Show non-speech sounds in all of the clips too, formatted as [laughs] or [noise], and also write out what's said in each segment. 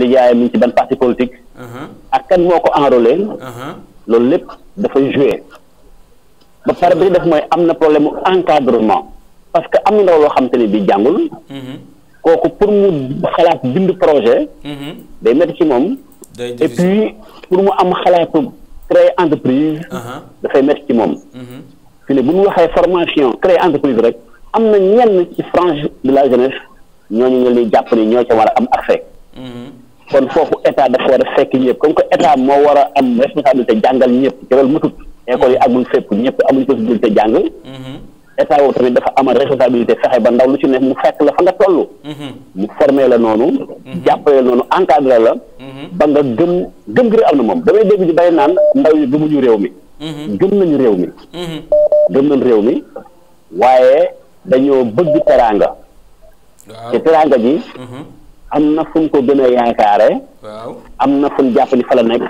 liggéeyam mi ngi ci ban parti politique. Uh-huh. ak kan moo ko enrôlé. Uh-huh. loolu lépp dafay joué. ba pare bi def mooy am na problème mu encadrement. parce que am na ndaw loo xam te ne bi jàngul. Uh-huh. kooku pour mu xalaat bind projet. day métti ci moom. et puis pour mu am xalaatu créer entreprise. dafay métti ci moom. fi ne bu ñu waxee formation créer entreprise rek am na ñenn ci frange de la jeunesse ñooñu ñu leen jàpp ne ñoo ca war a am accès. kon foofu état dafa war a fekk ñëpp comme que état moo war a am responsabilité jàngal ñëpp te loolu matut école yi amul fépp ñëpp amuñ possibilité jàng mhm. état woowu tamit dafa amal responsabilité fexe ba ndaw lu ci nekk mu fekk la fa nga toll mhm. mu formé la noonu mhm. jàppale noonu encadré la ba nga gën gëm gi am na moom damay dégg ñu bari naan ndaw yi gëmuñu réew mi gëm nañu réew mi gëm nañu réew mi waaye dañoo bëgg teraanga te teraanga ji am na fu mu ko gën a yaakaare. waaw am na fu mu jàpp ni fa la nekk.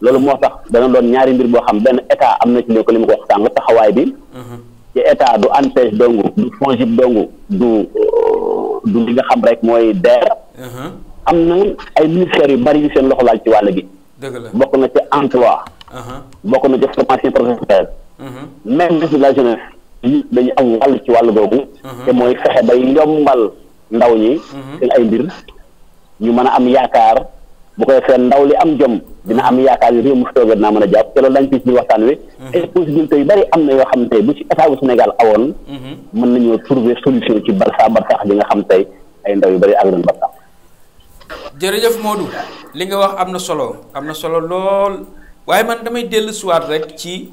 loolu moo tax dana doon ñaari mbir boo xam benn état am na ci léegi li mu ko wax sànq taxawaay bi. Mhm. ci état du ANPEJ dongu du FONGIP dongu du euh, du li nga xam rek mooy DER. Mhm. am na ay ministères yu bari yu seen loxo laal ci wàll bi dëgg la bokk na ci emploi. Mhm. bokk na ci formation professionnelle. même ministre de la jeunesse yi dañu am wàll ci wàll googu. te mooy fexe bay yombal ndaw ñi. seen ay mbir. ñu mën a am yaakaar bu ko defee ndaw li am jom dina am yaakaar yu réew mu fi toogat a mën a jàpp te loolu lañ ci biir waxtaan wi. ay mhm. possibilités bari am na yoo xam tey bu ci état bu Sénégal awoon. Mhm. mën nañoo trouver solution ci barça barsax bi nga xam tey ay ndaw yu bari ak doon barsax. jërëjëf Modou li nga wax am na solo am na solo lool waaye man damay dellu siwaat rek ci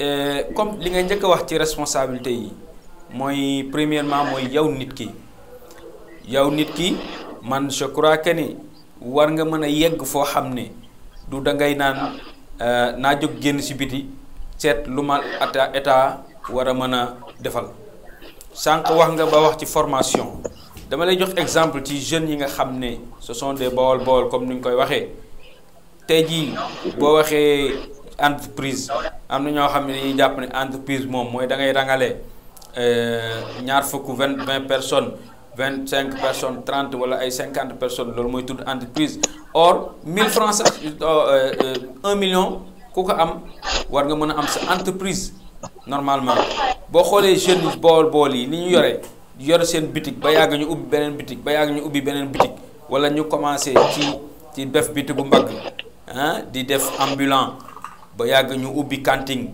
euh, comme li nga njëkk a wax ci responsabilité yi mooy premièrement mooy yow nit ki yow nit ki. man je crois que ni war nga mën a yegg foo xam ne du dangay naan euh, naa jóg génn ci biti seet lu ma ata état war a mën a defal sànq wax nga ba wax ci formation dama lay jox exemple ci jeunes yi nga xam ne ce sont des bawol comme ni ñu koy waxee tey jii boo waxee entreprise am na ñoo xam ne dañuy jàpp ne entreprise moom mooy da ngay rangale euh, ñaar fukk vingt vingt personnes vingt cinq personnes trente wala ay cinquante personnes loolu mooy tudd entreprise or mille francs sax euh, euh, un million ku ko am war nga mën a am sa entreprise normalement boo xoolee jeunes bool bool yi ni ñu yore yore seen bitik ba yàgg ñu ubbi beneen bitik ba yàgg ñu ubbi beneen bitik wala ñu commencé ci ci def bitik bu mbagg di def ambulant ba yàgg ñu ubbi kanting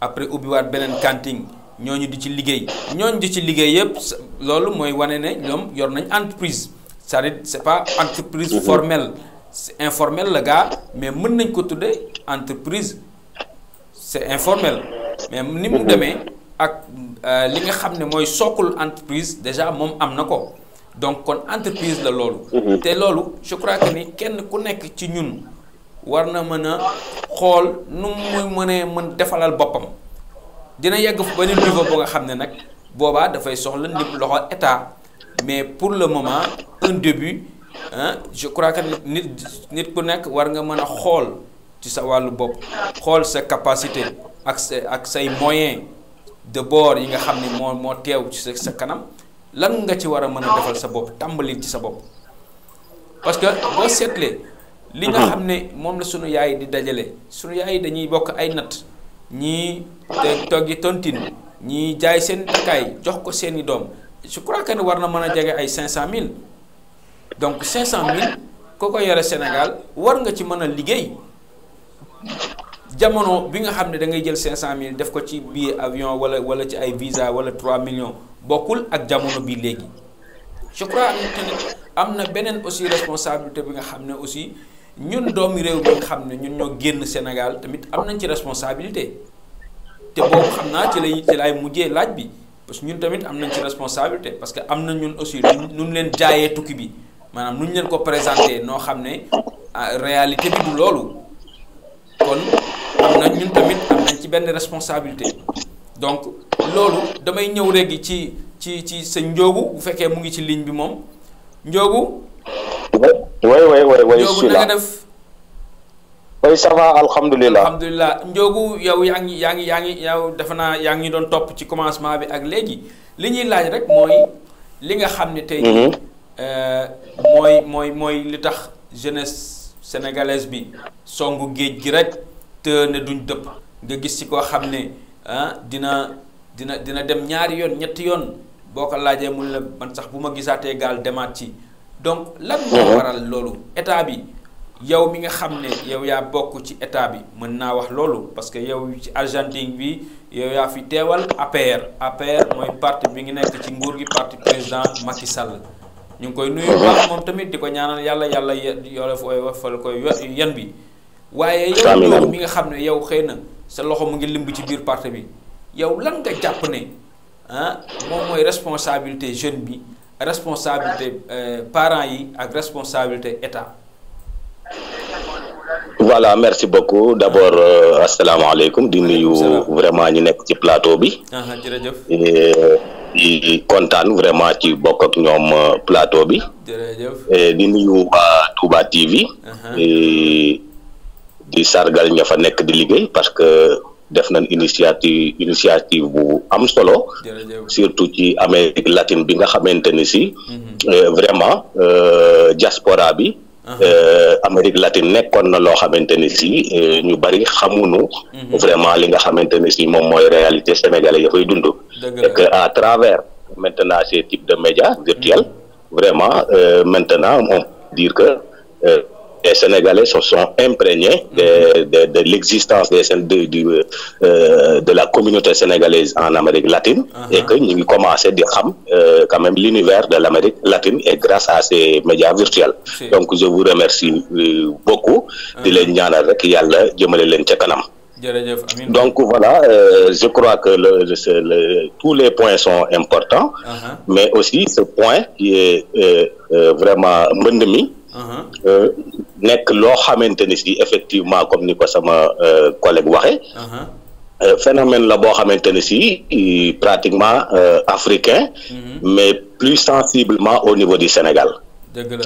après ubbiwaat beneen kanting ñooñu di ci liggéey ñooñu di ci liggéey yëpp loolu mooy wane ne ñoom yor nañ entreprise c'est-à-dire c'est pas entreprise mm-hmm. formelle c'est informel la gaa mais mën nañ ko tuddee entreprise c'est informel mais ni mu mm-hmm. demee ak euh, li nga xam ne mooy sookul entreprise déjà moom am na ko donc kon entreprise la loolu mm-hmm. te loolu je crois que ni kenn ku nekk ci ñun war na mën a xool nu muy mënee mën defalal boppam dina yegg beneen niveau bu nga xam ne nag boobaa dafay soxla ndim loxo état mais pour le moment un début je crois que nit nit ku nekk war nga mën a xool ci sa wàllu bopp xool sa capacité ak sa ak say moyens de bord yi nga xam ne moo moo teew ci sa sa kanam lan nga ci war a mën a defal sa bopp tàmbali ci sa bopp parce que boo seetlee. li nga mm-hmm. xam ne moom la sunu yaay di dajalee sunu yaay dañuy bokk ay natt. ñii te toggi tontine ñii jaay seen takkaay jox ko seeni doom je crois que ne war na mën a jege ay cinq 500000 donc cinq 500000 mille ko yore Sénégal war nga ci mën a liggéey jamono bi nga xam ne da ngay jël mille def ko ci billet avion wala wala ci ay visa wala 3 millions bokkul ak jamono bi léegi je crois am na beneen aussi responsabilité bi nga xam ne aussi. ñun doomi réew mi nga xam ne ñun ñoo génn Sénégal tamit am nañ ci responsabilité te boobu xam naa ci lay ci laay mujjee laaj bi parce que ñun tamit am nañ ci responsabilité parce que am na ñun aussi nun leen jaayee tukki bi maanaam nu ñu leen ko présenté noo xam ne ah, réalité loolu kon am na ñun tamit am nañ ci benn responsabilité donc loolu damay ñëw léegi ci ci ci sa njóogu bu fekkee mu ngi ci ligne bi moom njóogu way way way way Ndiogou na nga def. way ça va alhamdulilah alhamdulilah yow yaa ngi yaa ngi yaa ngi yow defe naa yaa ngi doon topp ci commencement bi ak léegi li ñuy laaj rek mooy li nga xam ne tey. Mhm. Euh, mooy mooy mooy li tax jeunesse sénégalaise bi songu géej gi rek te ne duñ dëpp nga gis ci koo xam ne ah dina dina dina dem ñaari yoon ñetti yoon boo ko laajee mun la man sax bu ma gisaatee gaal demaat yi donc lan moo uh-huh. waral loolu état bi yow mi nga xam ne yow yaa bokk ci état bi mën naa wax loolu parce que yow ci Argentine bi yow yaa fi teewal APR APR mooy parti bi ngi nekk ci nguur gi parti président Macky Sall ñu ngi koy nuyu baax uh-huh. moom tamit di ko ñaanal yàlla yàlla yore fooy wafal koy yan bi waaye yow yow mi nga xam ne yow xëy na sa loxo mu ngi limb ci biir parti bi yow lan nga jàpp ne ah moom mooy responsabilité jeune bi responsabilité euh, parents yi ak responsabilité état. voilà merci beaucoup d' abord euh, asalaamaaleykum di nuyu vraiment ñu nekk ci plateau bi. Ah, ah, jërëjëf euh, di kontaan vraiment ci bokk ñoom plateau bi. jërëjëf di nuyu waa Touba TV. Ah, di sargal ña nekk di liggéey parce que. def nañ initiative initiative bu am solo surtout ci Amérique latine bi nga xamante ni si mhm. euh, vraiment euh, diaspora bi uh-huh. euh, Amérique latine nekkoon na loo xamante ni si ñu bari xamuñu mhm. vraiment li nga xamante ni si moom mooy réalité sénégalais ya fay dund et que à travers maintenant ces types de médias virtuels mhm. vraiment maintenant on peut dire que les Sénégalais se sont imprégnés de, de, de l'existence des euh, de, la communauté sénégalaise en Amérique latine uh -huh. et que ñu ngi commencé di xam euh, quand même l'univers de l'Amérique latine et grâce à ces médias virtuels si. donc je vous remercie euh, beaucoup uh-huh. di leen ñaanal rek yàlla jëmale leen ca kanam jërëjëf donc voilà euh, je crois que le, le, le tous les points sont importants uh-huh. mais aussi ce point qui est euh, euh, vraiment mbënd mi Uh-huh. Euh, nekk loo xamante ni si effectivement comme ni ko sama euh, collègue waxe uh-huh. euh, phénomène la boo xamante ne si pratiquement africain. Mm-hmm. mais plus sensiblement au niveau du Sénégal.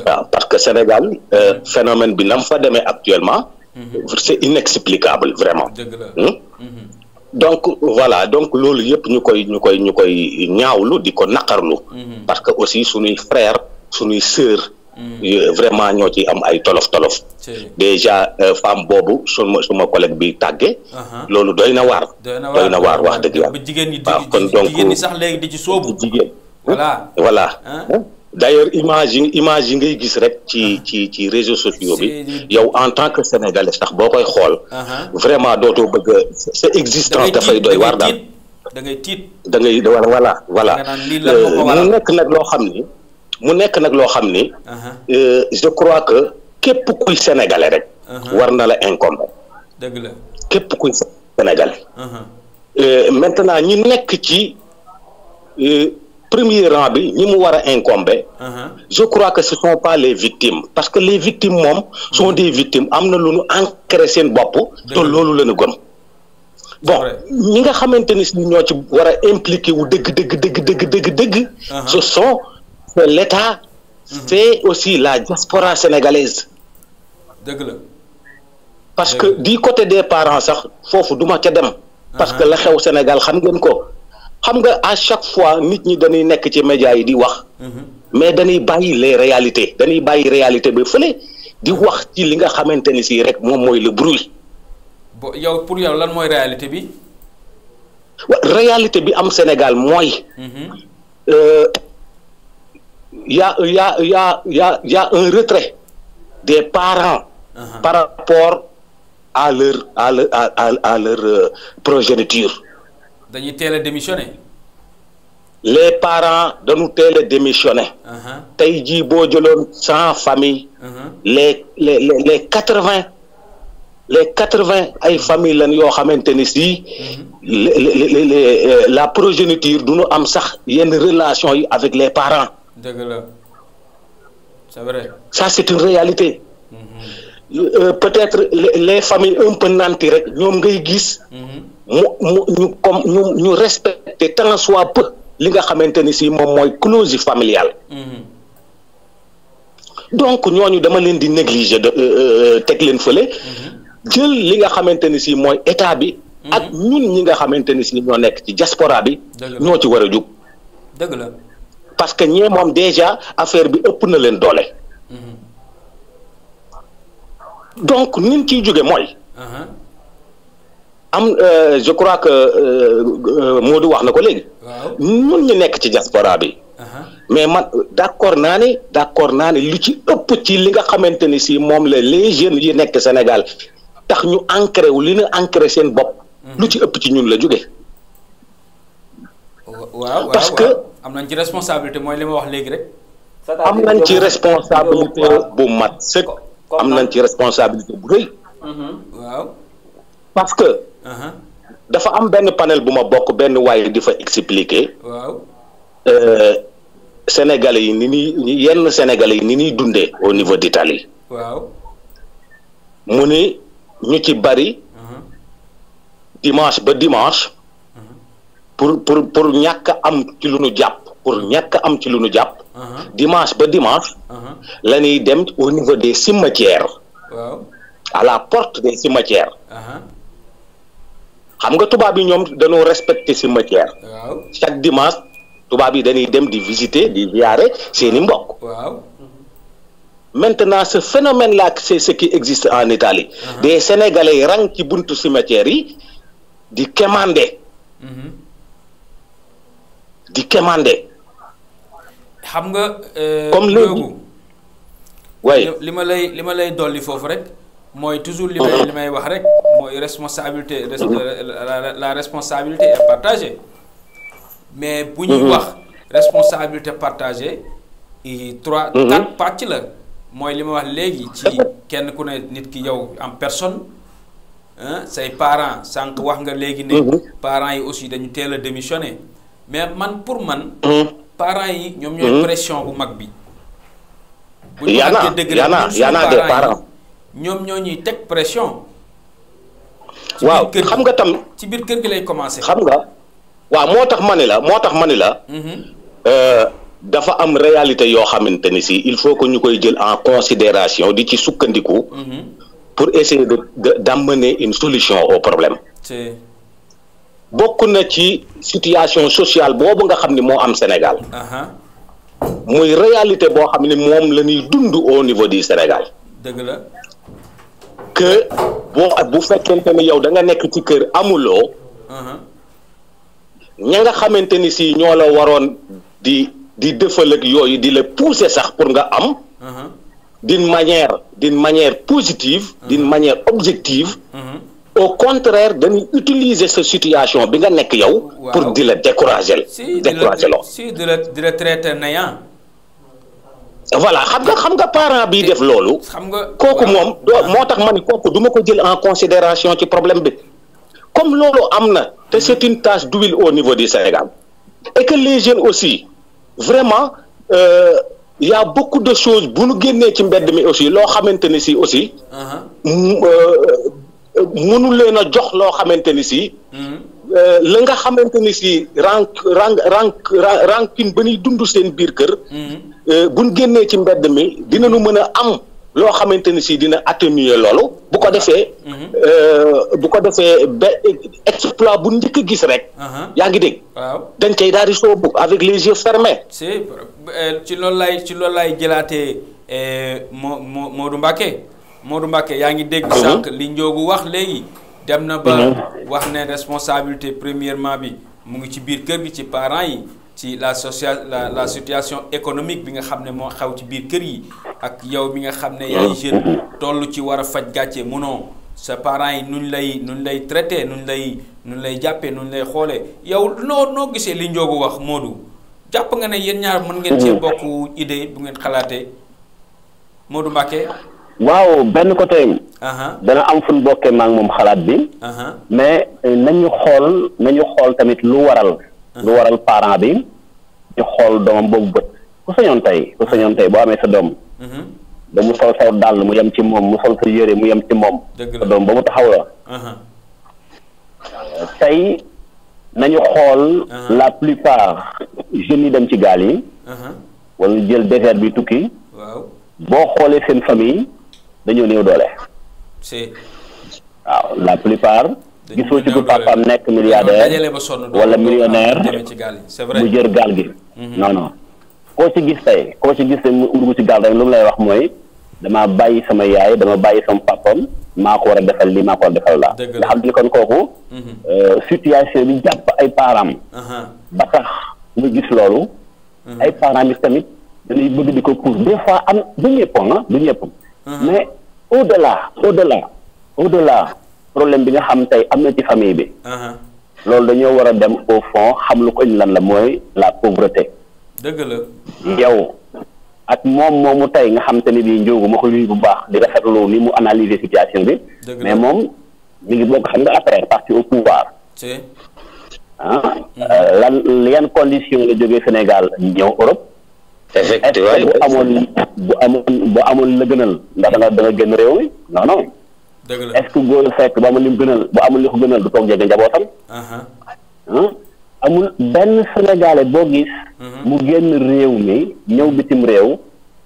waaw parce que Sénégal mm-hmm. phénomène bi na mu fa demee actuellement. Mm-hmm. c'est inexplicable vraiment. Hmm? donc voilà donc loolu yëpp ñu koy ñu koy ñaawlu di ko naqarlu. parce que aussi suñuy frère suñuy sœur. vraiment ñoo ci am ay tolof tolof déjà euh, femme boobu suma suma collègue bi tàgge loolu doy na waar doy na waar wax dëgg yàlla jigéen ñi waaw kon donc jigéen ñi sax léegi di ci soobu jigéen voilà voilà d'ailleurs image yi image yi ngay gis rek ci ci ci réseaux sociaux bi yow en tant que sénégalais sax boo koy xool vraiment dootoo bëgg a sa existence dafay doy waar daal da ngay tiit da ngay voilà voilà euh, mu nekk loo xam ni mu nekk nag loo xam ni. Uh-huh. Euh, je crois que képp kuy sénégalais rek. Uh-huh. war na la incombe. dëgg la képp kuy sénégalais. Uh-huh. Euh, maintenant ñi nekk ci euh, premier rang bi ñi mu war a incombe. je crois que ce sont pas les victimes parce que les victimes moom. sont des victimes am na lu nu ancré seen bopp. te loolu la ñu gëm. bon ñi nga xamante ni ñoo ci war a impliqué wu dëgg dëgg dëgg dëgg dëgg ce sont c'est l'État c'est mhm. aussi la diaspora sénégalaise dëgg la parce que di côté des parent sax foofu duma ca dem parce que la mhm. xew Sénégal xam ngeen ko xam nga à chaque fois nit ñi dañuy nekk ci médias yi di wax mhm. mais dañuy bàyyi les réalité dañuy bàyyi réalité bi fële di wax ci li nga xamante ni si rek moom mooy le bruit bo yow lan mooy réalité bi réalité bi am Sénégal mooy euh, y a y a y un retrait des parents. Uh par rapport à leur à leur à à, à leur euh, progéniture. dañuy teel a démissionné. les parents dañu teel a démissionné. Uh-huh. tey jii boo jëloon cent familles. Uh-huh. les les les les quatre vingt les quatre vingt ay familles lan yoo xamante ni si. Euh, la progéniture du ñu am sax yenn relation yi avec les parents. dëgg la c'est vrai. ça une réalité. Mm-hmm. Euh, peut-être les familles un peu nanti rek ñoom ngay gis. Mm-hmm. mu mu ñu comme ñu ñu respecté soit peu li nga xamante ni si moom mooy clause familiale. Mm-hmm. donc ñooñu dama leen di négliger de euh, euh, teg leen fële. jël li nga xamante ni si mooy état bi. ak ñun ñi nga xamante ni si ñoo nekk ci diaspora bi. ñoo ci war a jug. parce que ñee moom déjà affaire bi ëpp na leen doole. donc ni ciy jóge mooy. am euh, je crois que euh, Modou wax na ko léegi. ñun ñu nekk ci diaspora bi. Uh-huh. mais man d'accord naa ne d'accord naa ne lu ci ëpp ci li nga xamante ni si moom la les jeunes yi nekk Sénégal tax ñu ancré wu li ñu ancré seen bopp. Uh-huh. lu ci ëpp ci ñun la jóge waaw parce que am nañ ci responsabilité mooy li ma wax léegi rek. am nañ ci responsabilité bu mat sëkk. am nañ ci responsabilité bu rëy. Mhm. parce que. dafa am benn panel bu ma bokk benn waaye di fa expliquer. waaw. Euh, Sénégalais yi ni ni yenn Sénégalais yi ni ñuy dundee au niveau d'Italie. waaw. mu ni ñu ci bari. dimanche ba dimanche. pour pour pour ñàkk am ci lu nu jàpp pour ñàkk am ci lu nu jàpp. Uh-huh. dimanche ba dimanche. Uh-huh. la ñuy dem au niveau des cimetières. waaw à la porte des cimetières. Uh-huh. xam nga tubaab yi ñoom dañoo respecter cimetière. waaw chaque dimanche tubaab yi dañuy dem di visiter di ziare seeni mbokk. waaw. maintenant ce phénomène là c'est ce qui existe en Italie des sénégalais rang ci buntu cimetière yi di quémander. Mm-hmm. di quémander. xam nga. Euh, comme léegi li ma lay li ma lay dolli foofu rek. mooy toujours li may uh-huh. li may wax rek mooy responsabilité uh-huh. la responsabilité est partage mais bu ñuy uh-huh. wax responsabilité partagée i trois quatre pàcc la mooy li ma wax léegi ci kenn ku ne nit ki yow am personne say parents sànq wax nga léegi ne parents yi aussi dañu teel a démissionné mais man pour man. Hmm. parents yi ñoom ñooy hmm. pression bu mag bi. bu ñu waxee dëgg la des parents ñoom ñoo ñuy teg pression. waaw xam nga tam ci biir kër gi lay commencé. xam nga waaw moo tax ma ne la moo tax ma ne la. Mm-hmm. Euh, dafa am réalité yoo xamante ni si il faut que ñu koy jël en considération di ci sukkandiku. Mm-hmm. pour essayer de d'amener une solution au problème. bokk na ci situation sociale boobu nga xam ni moo am Sénégal. muy réalité boo xam ni moom la ñuy dund au niveau di Sénégal. dëgg la. que bu fekkente ni yow da nga nekk ci kër amuloo. ña nga xamante ni si ñoo la waroon di di defal ak yooyu di la pousser sax pour nga am. d'une manière d'une manière positive. d'une manière objective. au contraire dañuy utiliser sa situation bi nga nekk yow. pour di la décourager. si si di la di la traiter néant. voilà xam nga xam nga parent bi def loolu. xam nga kooku moom doo moo tax ma ne kooku du ma ko jël en considération ci problème bi comme loolu am na te mm-hmm. c'est une tâche d'huile au niveau du Sénégal et que les jeunes aussi vraiment. Euh, il y beaucoup de choses bu nu génnee ci mbedd mi aussi loo xamante ne si aussi. Uh-huh. Euh, mënu leen a jox loo xamante ni si. Hmm. Euh, la nga xamante ni si rank rank rank rancune ba ñuy dund seen biir kër. Hmm. Euh, buñ génnee ci mbedd mi dinañu mën a am. loo xamante ni si dina atténuer loolu bu ko defee hmm. euh, bu ko defee ba exploit bu njëkk a gis rek yaa ngi dégg waaw dañ cay daal di soobu avec les yeux fermés si ci loolu lay ci loolu lay jëlaatee moo moo Modou Mbacké Modou Mbacké yaa ngi dégg sànq li njoogu wax léegi dem na ba mhm. wax ne responsabilité premièrement bi mu ngi ci biir kër gi ci parent yi ci la social la la situation économique bi nga xam ne moo xew ci biir kër yi ak yow bi nga xam ne yaay mhm. jeune toll ci war a faj gàcce mu munoo sa parents yi nuñ lay nuñ lay traité nuñ lay nuñ lay jàppee nuñ lay xoolee yow noo noo gisee li njoogu wax Modou jàpp nga ne yéen ñaar mën ngeen cee mhm. bokk idée bu ngeen xalaatee Modou Mbacké waaw benn côté. dana am fu ñu bokkee maak moom xalaat bi. mais euh, na ñu xool nañu xool tamit lu waral. lu waral parent bi ñu xool doomam boobu bët ku sañoon tey ku sañoon tey boo amee sa doom. ba mu sol saw dàll mu yem ci moom mu sol sa yére mu yem ci moom. sa doom ba mu taxaw la. tey nañu xool. la plupart jeunes yi dem ci gaal yi. wala jël désert bi tukki. boo xoolee seen famille. dañoo néew doole. si. waaw la plupart. gisoo ci ku papaam nekk milliardaire wala millionnaire ah, mu jër gaal gi. Mhm. non koo ci gis tey koo ci gis tey mu dugg ci gaal rek lu mu lay wax mooy damaa bàyyi sama yaay dama bàyyi sama papam maa ko war a defal lii maa ko war a defal laa. nga xam ne kon kooku. Mhm. Euh, situation bi jàpp ay parents. ba tax ñu gis loolu. Mhm. ay parents yi tamit dañuy bëgg di ko pour des am du ñëpp ah, du ñëpp. Uh-huh. mais de au delà au delà de la problème bi nga xam tey am na ci famille bi. Uh-huh. loolu dañoo war a dem au fond xam lu ko ñu lan la mooy la pauvreté. dëgg la. yow ak moom moomu tey nga xam te ni bii njóogu ma ko luy bu baax di rafetlu ni mu analyser situation bi. mais moom mi ngi bokk xam nga après parti au pouvoir. ah mm-hmm. euh, lan yan condition la jógee Sénégal ñëw Europe. effectivement bu amoon bu amoon bu amoon la gënal ndax da nga réew mi non non. dëgg la est ce que góor fekk bu amoon li mu gënal bu amoon li ko gënal du toog jege njabootam. amul benn sénégalais boo gis. Mhm. mu génn réew mi ñëw bitim réew.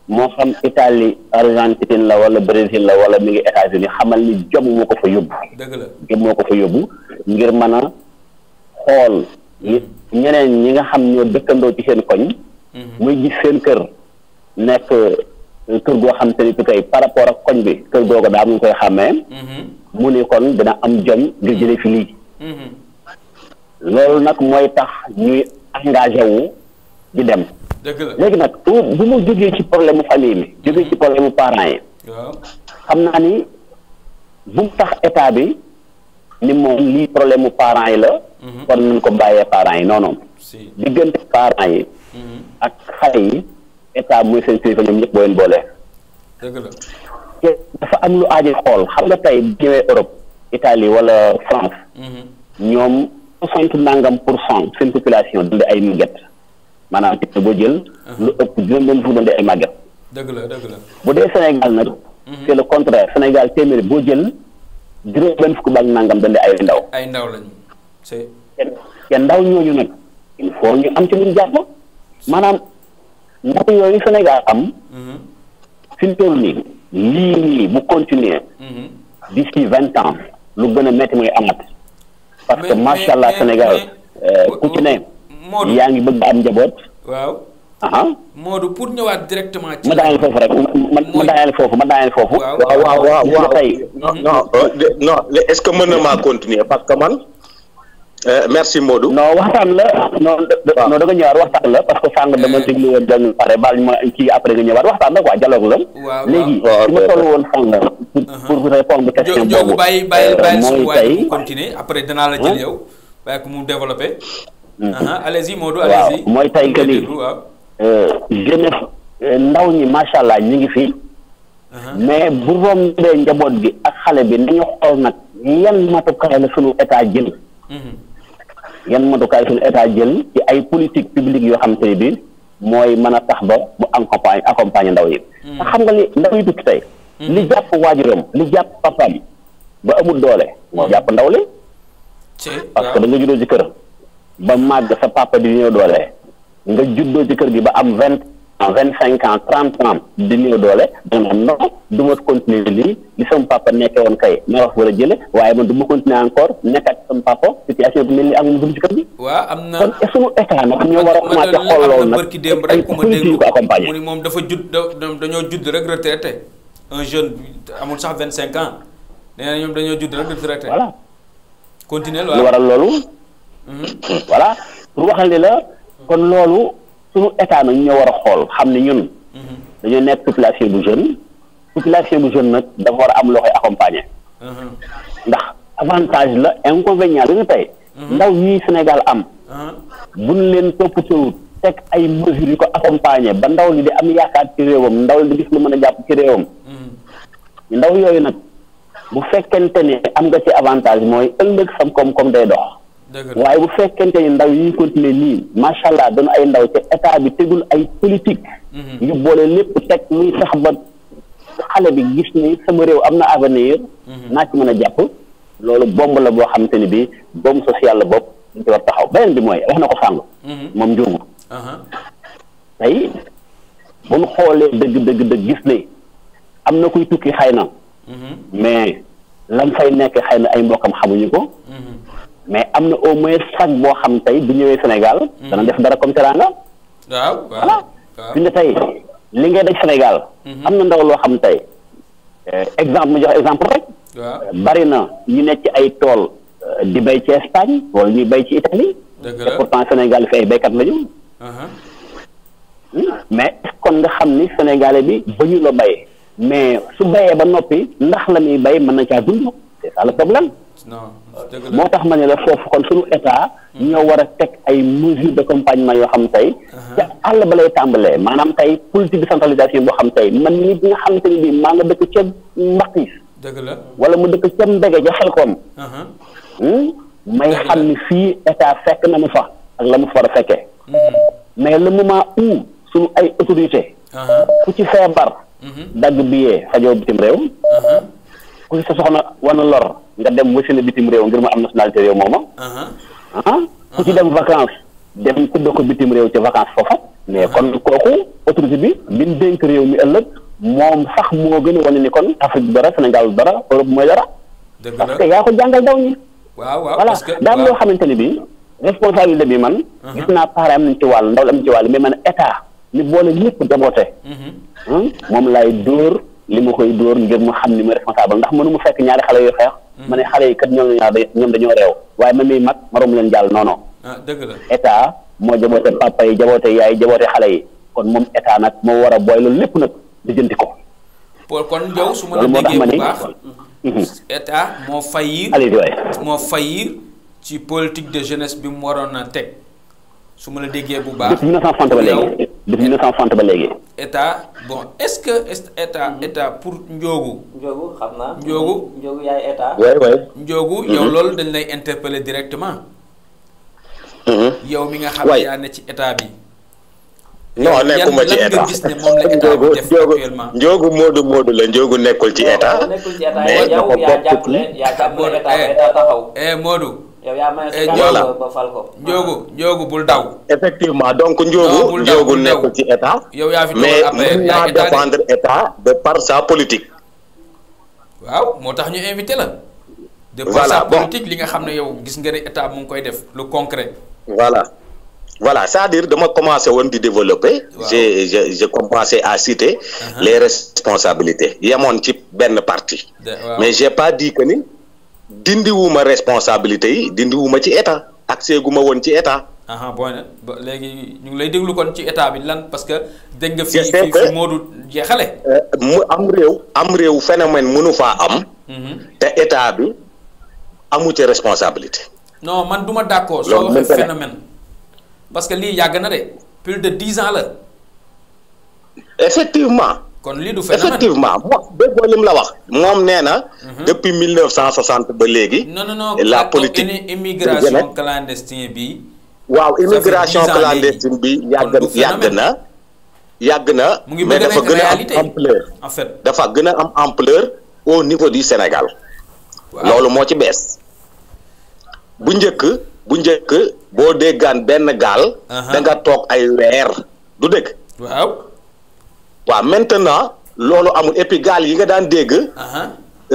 moo xam Italie Argentine la wala Brésil la wala mi ngi États-Unis xamal ni jom moo ko fa yóbbu. dëgg la jom moo ko fa yóbbu ngir mën a xool. Mhm. ñeneen ñi nga xam ñoo dëkkandoo ci seen koñ. Mhm. muy gis seen kër nekk euh, kër goo xam te ni tey par rapport ak koñ bi kër googu daa mu koy xàmmee mhm. mu ni kon dina am jom ngir mhm. jële fi lii loolu nag mooy tax ñuy engagé wu di dem léegi nag bu mu jógee ci problème famille bi jógee ci problème parents yi xam naa ni bu mu tax état bi ni moom lii problème mu parents yi la kon nañ ko bàyyee parents yi noonu non diggante parents yi ak xale yi état muy seen kilifa ñoom ñëpp boo leen boole. dafa am lu aaji xool xam nga tey bu ñëwee Europe Italie wala France. Mhm. ñoom soixante nangam pour cent seen population dund ay màgget maanaam te boo jël. Mhm. lu ëpp juróom-benn fukk dund ay màgget. dëgg la la bu dee Sénégal nag. Mhm. c' est contraire Sénégal téeméeri boo jël juróom-benn fukk baag nangam dund ay ndaw. ay ndaw lañu te ndaw ñooñu nag il ñu am ci luñ jàpp. maanaam ndaw yooyu Sénégal am. Mhm. fi mu toll nii lii nii bu continuer mhm. d'ici vingt ans lu gën a métti muy amat. parce que macha allah Sénégal euh, ku ci ne. yaa ngi bëgg am njaboot. waaw. Modou directement. ci ma foofu rek ma ma daaneel foofu ma foofu. waaw waaw waaw waaw non euh, non est-ce que mën na maa continuer parce que man. Euh, merci Modou. non waxtaan la. non non da nga waxtaan la parce que sànq dama euh. déglu woon dañu pare baal ma kii après nga ñëwaat waxtaan la quoi dialogue la. waaw léegi su oh, ma toll woon sànq. pour uh-huh. pour répondre question boobu. mooy bàyyi bàyyi euh, bàyyi après danaa la jël ko mu développé. Hmm. Uh-huh. mooy tey que ndaw ñi macha allah ñu ngi fi. Uh-huh. mais bu romb dee njaboot bi ak xale bi nañu xool nag yan matukaay la suñu état jël. Mm-hmm. yan matukaay suñu état jël ci ay politique publique yoo xam te ne bi mooy mën a tax ba mu accompagne accompagner ndaw yi hmm. te xam nga li ndaw yi tukki tey hmm. li jàpp waajuram li jàpp papaam ba amul doole moo hmm. jàpp ndaw li parce que da nga juddoo ci kër ba màgg sa papa di ñëw doole nga juddoo ci kër gi ba am vingt en vingt cinq ans trente ans di néew doole danga naan non du continuer lii li sama papa nekkee woon kay ma wax war a jële waaye man du ma continuer encore nekkaat sama papa situation bi mel mu dund ci na kon est-ce que état nag ñoo war a commencé xool loolu dafa judd dañoo judd rek retraité un jeune amul sax vingt cinq ans nee na ñoom dañoo judd rek retraité. voilà continuer lu waral loolu. Mhm. voilà pour waxal la kon loolu. suñu état nag ñu war a xool xam ne ñun. Mhm. dañoo nekk population bu jeune. population bu jeune nag dafa war a am loo koy accompagner. Mhm. ndax avantage la inconvénient la ñu tey. Mhm. ndaw ñuy Sénégal am. buñ leen toppatoo teg ay mesures yu ko accompagner ba ndaw li di am yaakaar ci réewam ndaw li di gis lu mën a jàpp ci réewam. ndaw yooyu nag bu fekkente ni am nga ci avantage mooy ëllëg sam koom-koom day dox. waaye bu fekkente ni ndaw yi ñu continuer nii macha allah doon ay ndaw te état bi tegul ay politique yu mhm. boole lépp teg muy sax ba xale bi gis nii sama réew am na avenir mhm. naa ci mën a jàpp loolu bomb la boo xamante ni bi bomb social la bopp ñu ci war taxaw beneen bi mooy wax na ko sàng mhm. moom njuumu tey bu ñu xoolee dëgg dëgg dëgg gis ne am na kuy tukki xëy na mais lan fay nekk xëy na ay mbokkam xamuñu ko mais am na au moins sac boo xam tey bu ñëwee Sénégal. Hmm. dana def dara comme teranga. waaw voilà fi tey li ngay daj Sénégal. Hmm. am na ndaw loo xam tey eh, exemple mu jox exemple rek. Eh, bari na ñu nekk ci ay tool eh, di bay ci Espagne wala ñuy bay ci Italie. te pourtant Sénégal fi ay béykat lañu uh-huh. hmm. mais kon nga xam ni Sénégalais bi ba ñu la bay mais su bayee ba noppi ndax la muy bay mën na caa dund c'est ça le problème. moo tax ma ne la foofu kon su suñu état ñoo war a teg ay de compagnement yoo xam tey ca àll ba lay tàmbalee maanaam tey politique de centralisation boo xam tey man nit nga xam te ne bii maa nga dëkk ca mbaqiis wala mu dëkk ca mbege ca xelkoom hmm? may xam ni fii état fekk na mu fa ak la mu fa war a fekkee mhm. mais le moment où suñu ay autorité ku ci feebar mhm. dagg billet fajoo bitim réew ku sa soxna wan lor nga dem wasi la bitim réew ngir mu am nationalité réew mooma ah ku ci dem vacance dem tudda ko bitim réew ci vacance foofa mais kon kooku autorité bi bin dénk réew mi ëllëg moom sax moo gën a wane ni kon Afrique dara Sénégal dara Europe mooy dara parce que yaa ko jàngal ndaw ñi waaw waaw voilà daal loo xamante ni bi responsabilité bi man gis naa pare am nañ ci wàll ndaw am ci wàll mais man état mi boole ñëpp jaboote mhm. hmm? moom laay dóor li ma koy dóor ngir mu xam ni ma responsable ndax mënuma fekk ñaari xale yu xeex mm. ma ne xale yi kat ñoom ñaar ñoom dañoo réew waaye man miy mag marom leen jàll non non ah, état moo jaboote papa yi jaboote yaay jaboote xale yi kon moom état nag moo war a booy loolu lépp nag di jënti ko kon moo ah, su ma ni déggee bu baax [laughs] état moo fayir moo fayir ci politique de jeunesse bi mu waroon a teg su ma la déggee bu baax depuis 1960 ba léegi depuis 1960 ba léegi. état bon est-ce que état mm-hmm. état pour Ndiogou. Ndiogou xam naa. Ndiogou Ndiogou yaay état. waay waay Ndiogou yow loolu dañ lay interpeller directement. Mm-hmm. yow mi nga xam ne yaa ne ci état bi. non nekkuma ci état Ndiogou Ndiogou Ndiogou Modou Modou la Ndiogou nekkul ci état. nekkul ci état yow yaa jàppale yaa jàppale état eh, taxaw. Eh, Modou. yow yaa maye eh, ko. Ndiogou Ndiogou bul daw. effectivement donc Ndiogou. Ndiogou nekkul ci état. yow yaa mais mën naa défendre état de par sa politique. waaw moo tax ñu invité la. de par sa politique li nga xam ne yow gis nga ne état mu ngi koy def lu concret. voilà. voilà c'est-à-dire dama commencé woon di développer wow. j'ai j'ai à citer uh-huh. les responsabilités yemoon ci benn parti mais j'ai pas dit ni dindiwuma responsabilité yi dindiwuma ci état ak seeguma woon ci état. aha booy na ba léegi ñu ngi lay déglu kon ci état bi lan parce que. dégg nga fii fii fii jeexale. Euh, mu am réew. am réew phénomène mënu faa am. Mhm. te état bi amu ci responsabilité. non man du ma d' accord. soo waxee phénomène. parce que lii yàgg na de plus de dix ans la. effectivement. kon lii du phénomène effectivement moom déggoo la wax moom nee na. Mhm. depuis mille neuf cent soixante ba léegi. non non non la politique immigration clandestine bi. waaw immigration clandestine bi yàgg yàgg na. yàgg na mais dafa gën a am ampleur. fait dafa gën a am ampleur au niveau di Sénégal. loolu moo ci bees. bu njëkk bu njëkk boo déggaan benn gaal. danga toog ay weer du dëgg. waaw maintenant loolu amul et puis gaal yi nga daan dégg.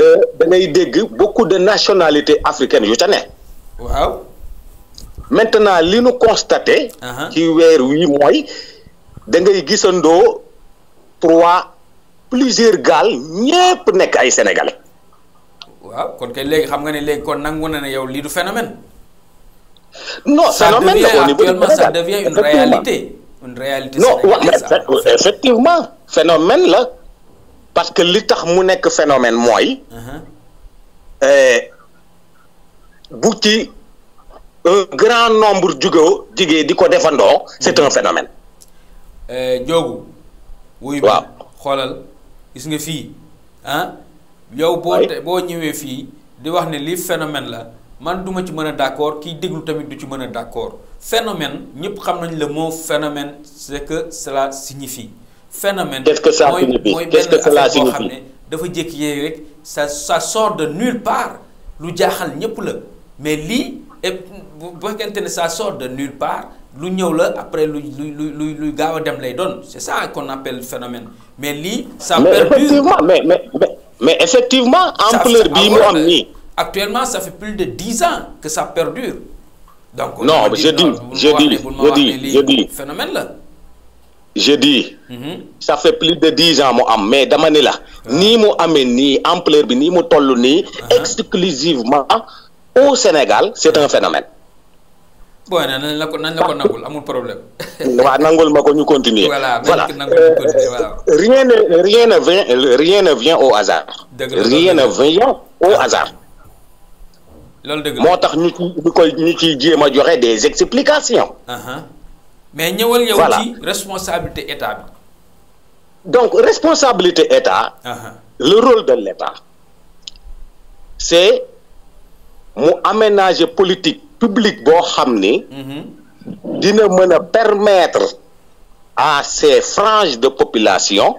Euh, da ngay dégg beaucoup de nationalité africaine yu ca ne. waaw. maintenant li nu constaté. ci weer wi mooy da ngay gisandoo trois plusieurs gaal ñépp nekk ay sénégalais. waaw kon kay léegi xam nga ne léegi kon nangu na ne yow lii du phénomène. non phénomène la au niveau du Sénégal ça devient actuellement ça devient une réalité. une réalité non waaw effectivement phénomène la parce que li tax mu nekk phénomène mooy uh-huh. eh, bu ci un grand nombre jugoo jigéen di ko defandoo c'est mm-hmm. un phénomène joogu eh, wuyu waaw xoolal gis nga fii ah yow boo boo ñëwee fii di wax ne lii phénomène la man duma ci mën a d'accord kiy déglu tamit du ci mën a d'accord phénomène ñëpp xam nañ le moom phénomène c'est que cela signifie phénomène qu'est-ce que ça signifie mooy benn affaire boo xam ne dafa jékki yéegi rek ça ça sort de nulle part lu jaaxal ñëpp la mais lii bu fekkente ne sa sort de nulle part lu ñëw la après lu lu lu lu gaaw a dem lay doon c'est ça qu'on appelle mais lii ça perdure mais effectivement mais mais mu am nii euh, Actuellement, ça fait plus de dix ans que ça Donc, non, je dis, je dis, je dis, je dis. ça fait plus de dix ans mu am mais dama ni la ah. nii mu amee nii ampleur bi nii mu toll nii ah. exclusivement au Sénégal c'est un phénomène bon nañ la ko nañ la ko amul problème [laughs] waaw nangul ma ko ñu continuer voilà euh, rien ne rien rien ne vient au hasard rien ne vient au ah. hasard loolu dëgg moo tax ñu ci ñu koy ñu ciy jéem a joxe des explications. mais ñëwal yow responsabilité état donc responsabilité état. le rôle de l' état. est mu aménager politique publique boo xam ni. Mhm. dina mën a permettre à ces franges de population.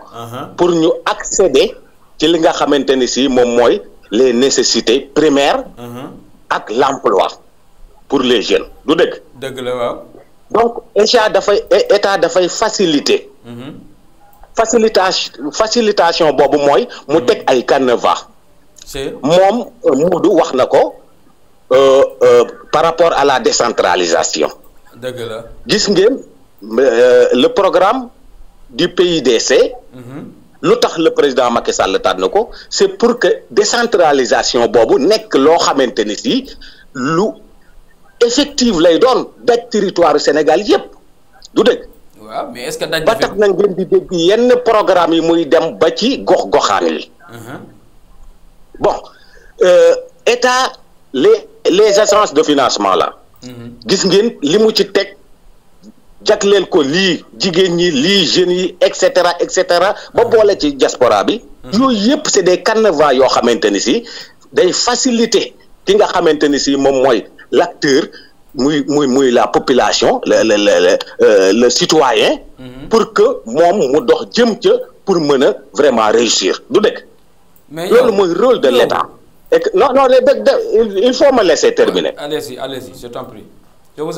pour ñu accéder ci li nga xamante ni si moom mooy les nécessités primaires. Mhm. ak l'emploi pour les jeunes du dëgg. dëgg la waaw. donc état dafay facilité dafay faciliter. Mhm. facilitation facilitation boobu mooy. mu mhm. teg ay canevas. moom euh, du wax na ko euh, euh, par rapport à la décentralisation. dëgg gis ngeen le programme du PIDC. Mm -hmm. lu tax le président Macky Sall tànn ko c'est pour que décentralisation boobu nekk loo xamante ni si lu effective lay doon daj territoire Sénégal yépp du dëgg. waaw mais est-ce que daj ba tax na ngeen di dégg yenn programme yi muy dem ba ci gox-goxaan yi. Uh-huh. bon euh, état les les agences de financement là. Uh-huh. gis ngeen li mu ci teg. leen ko lii jigéen ñi lii jeunes yi et cetera et cetera ba mm-hmm. boole ci jaspora bi. Mm-hmm. yooyu yëpp c'est des carnavals yoo xamante ni si day faciliter ki nga xamante ni si moom mooy l'acteur muy muy muy la population le le le le euh, le citoyen. Mm-hmm. pour que moom mu dox jëm ca pour mën a vraiment réussir du dëkk. mais loolu mooy rôle de l'État. et que non non il faut me laisser terminer. allez-y allez-y je t'en prie je vous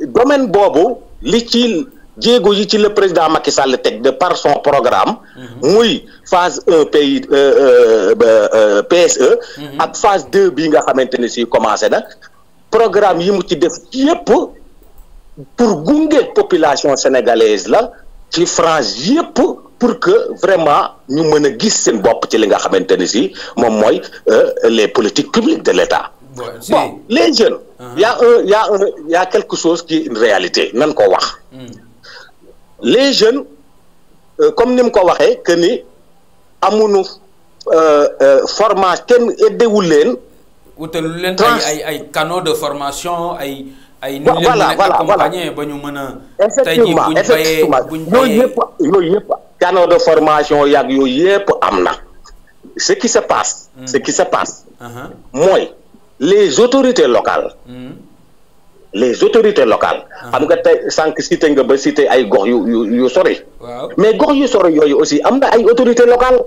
domaine boobu li ci jéego yi ci la président Macky Sall teg de par son programme. Mhm. muy phase un pays euh, euh, euh, PSE. Mhm. ak phase deux bii nga xamante ne si commencé na programme yi mu ci def yépp pour gunge population sénégalaise la ci France yépp pour que vraiment ñu mën a gis seen bopp ci li nga xamante ne si moom mooy les politiques publiques de l'État. bon les jeunes. Uh-huh. y a un y a un y quelque chose qui est réalité nan ko wax. Hmm. les jeunes euh, comme ni ko waxee que ni amuñu euh, euh, formation kenn eddewul leen. wutalu leen ay ay canaux de formation ay. ay nu ñu leen accompagner ba ñu mën a. effectivement effectivement yooyu yëpp yooyu yëpp canaux de formation yàgg yooyu yëpp am na. ce qui se passe. Hmm. ce qui se passe. Uh-huh. mooy. les autorités locales. Mm. les autorités locales. Ah. xam nga tey sànq cité nga ba cité ay gox yu yu yu sori. waaw mais gox yu sori yooyu aussi am na ay autorités locales.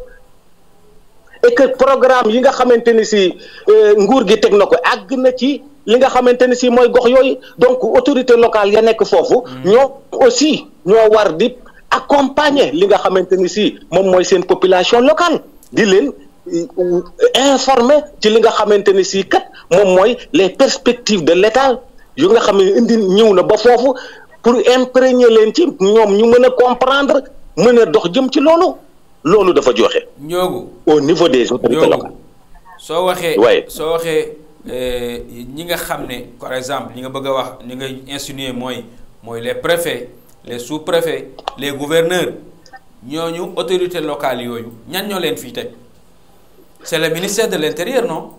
et que programme yi nga xamante ni si euh, nguur gi teg na ko àgg na ci li nga xamante ni si mooy gox yooyu donc autorités locale ya nekk foofu. Hmm. ñoo aussi ñoo war di accompagner li nga xamante ni si moom mooy seen population locale di leen. informé ci li nga xamante ni si kat moom mooy les perspective de l'État yu nga xam ne indi ñëw na ba foofu pour imprégner leen ci ñoom ñu mën a comprendre mën a dox jëm ci loolu loolu dafa joxe. ñoogu au niveau des autorités locales. soo waxee waaye soo waxee euh, ñi nga xam ne par exemple ñi nga bëgg a wax ñi nga insinuer mooy mooy les préfets les sous-préfets les gouverneurs ñooñu autorités locales yooyu ñan ñoo leen fii teg. c'est le ministère de l'intérieur non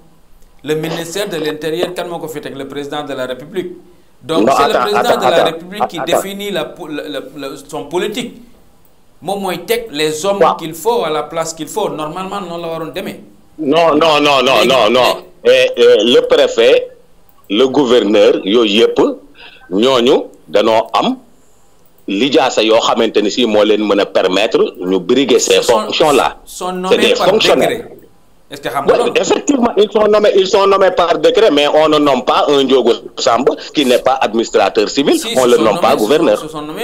le ministère de l'intérieur kan moo ko fi teg le président de la république donc c'est le président de la république qui définit la son politique moom mooy teg les hommes qu'il faut à la place qu'il faut normalement noonu la waroon demee non non non non non le préfet le gouverneur yooyu yëpp ñooñu danoo am lijaasa yoo xamante ni si moo leen mën a permettre ñu briguer ces fonctions là c'est des fonctionnaires est-ce que xam nga effectivement ils sont nommés par décret mais on ne nomme pas un Diogo Samb qui n'est pas administrateur civil. Si, on le nomme pas gouverneur.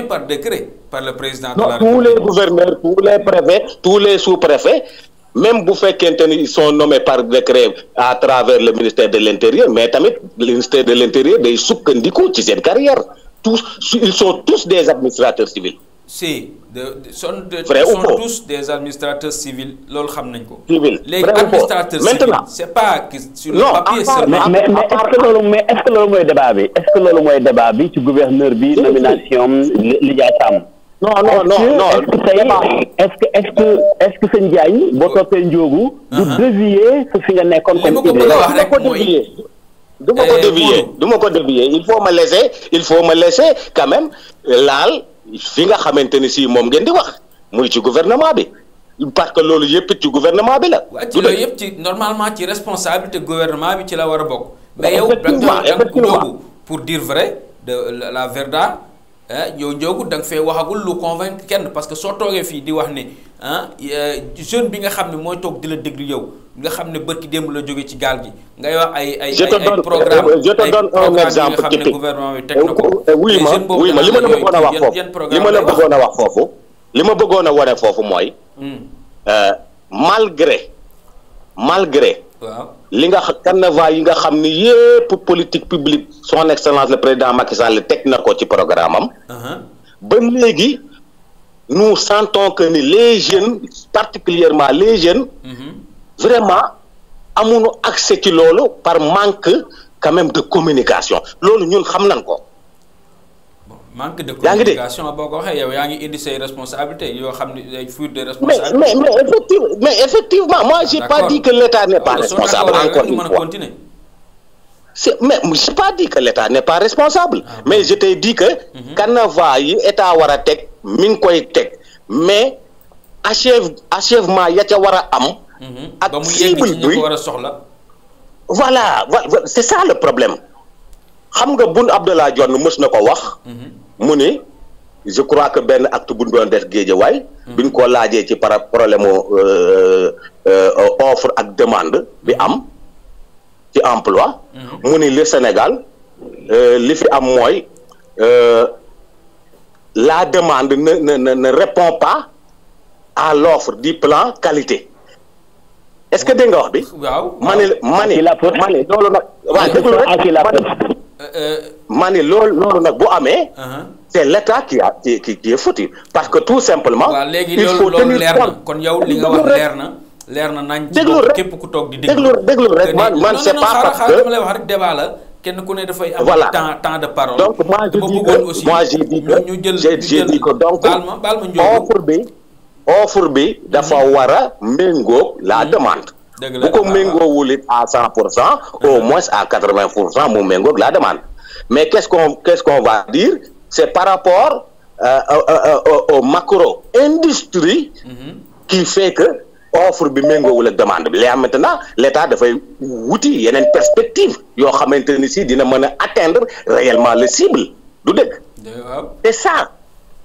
par décret par le président non, de la tous les gouverneurs tous les préfets tous les sous-préfets. même bu fekkente ni ils sont nommés par décret à travers le ministère de l'intérieur mais tamit ministère de l'intérieur day sukkandiku ci seen carrière tous ils sont tous des administrateurs civils si de, de sont de, vrai ou faux. tous des administrateurs civils loolu xam nañ ko. civil les administrateurs civils c'est pas mais mais est-ce que loolu mais est mooy débat bi est-ce loolu mooy débat bi ci gouverneur bi nomination li jaatam. non non non non est-ce que est-ce que est-ce que sëñ Diagne boo toppee njóogu. du uh-huh. dévier su fi nga nekkoon comme idée la ko dévier. du ma ko eh, dévier du ma ko dévier il faut ma laisser il faut ma laisser quand laal. fi nga xamante ni si moom ngeen di wax muy ci gouvernement bi parce que loolu yëpp ci gouvernement bi la. du loolu yëpp ci normalement ci responsabilité gouvernement bi ci la war a bokk. mais yow da nga pour dire vrai de la Verda. Eh, yow njoogul da nga fee waxagul lu convaincre kenn parce que soo toogee fii di wax ne ah eh, jeune bi nga xam ne mooy toog di la déglu yow nga xam ne bërki démb la jóge ci gaal gi ngay wax ay ay ay programme je te eh, donne un exemple typique gouvernement bi teg na ko wuy ma wuy ma li ma la bëggoon a wax foofu li ma la bëggoon a wax foofu li ma bëggoon a wane foofu mooy hmm. euh, malgré malgré waaw li nga xam canevas yi nga xam ni yépp politique publique son excellence le président Macky Sall teg na ko ci programme am. Uh-huh. ba léegi nous sentons que ni les jeunes particulièrement les jeunes. Uh-huh. vraiment amuñu accès ci loolu par manque quand même de communication loolu ñun xam nañ ko. manque de communication boo ko waxee yow yaa ngi indi say responsabilités yoo xam ne day de mais mais effectivement mais effectivement moi pas dit que l'État n'est pas responsable encore une fois c'est mais j'ai pas dit que l'État n'est pas responsable ah mais je t'ai dit que canevas mhm. yi état war a teg mi ngi koy teg mais achève achèvement ya a war a am mhm. ak cible bi voilà voilà c'est ça le problème xam nga Boun Abdallah Dionne mës na ko wax mhm. mu ne je crois que benn acte bu ñu doon def géejawaay. Hmm. biñ ko laajee ci par problème euh, euh, euh, offre ak demand bi hmm. am ci emploi. Hmm. mu ni le Sénégal li fi am mooy la demande ne ne ne répond pas à l'offre du plan qualité. est-ce que dégg nga wax bi. waaw ma ah, loolu nag. waaw ah, déglu rek maa ne loolu loolu nag bu amee. Uh-huh. c' est l' état qui a qui qui est parce que tout simplement. waaw léegi loolu loolu leer na kon yow li leer na. leer na nañ ci bopp képp ku toog di. déglu déglu rek man man c' est pas parce que dama rek débat kenn ku ne dafay am. voilà temps de parole. donc moi je dis que moi je jël je dis que donc. baal ma baal bi offre bi dafa mm-hmm. wara a méngóog la mm-hmm. demande. bu ko méngoowul it à cent pour cent au uh-huh. moins à quatre vingt pour cent mu méngoog la demande mais qu'est-ce qu'on va dire c'est par rapport euh, euh, euh, euh au macro industrie mm -hmm. qui fait que offre bi méngoowul ak demande bi léegi maintenant l'État dafay wuti yeneen perspective yoo xamante ni si dina mën a atteindre réellement le cible du dëgg te ça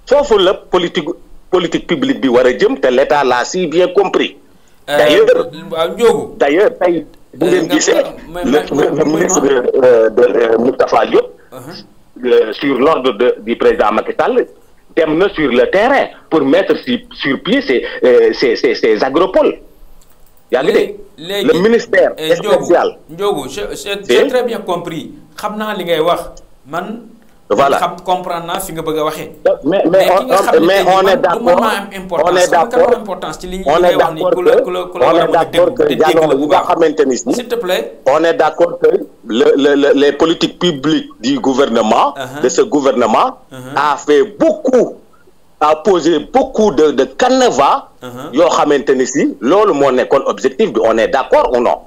foofu la politique politique publique bi war a jëm te l'État l'a si bien compris Euh, d'ailleurs waaw Ndiogou d'ailleurs tey bu le ministre de Moustapha Diop uh-huh. sur l'ordre du président Macky Sall dem sur le terrain pour mettre sur pied ces ces euh, ces ces agropoles yaa ngi le ministère eh, spécial Ndiogou c'est très bien compris xam naa li ngay wax voilà xam comprendre naa fi nga bëgg a waxee. mais mais on mais on est d' accord on est d' accord importance ci li ñu wax nii a mën a dégg te dégg la bu baax s'il te plaît. on est d' que le le les politiques publiques du gouvernement. Uh-huh. de ce gouvernement. Uh-huh. a fait beaucoup. a posé beaucoup de de canevas. Uh-huh. yoo xamante ni si loolu moo nekkoon objectif bi on est d' accord ou non.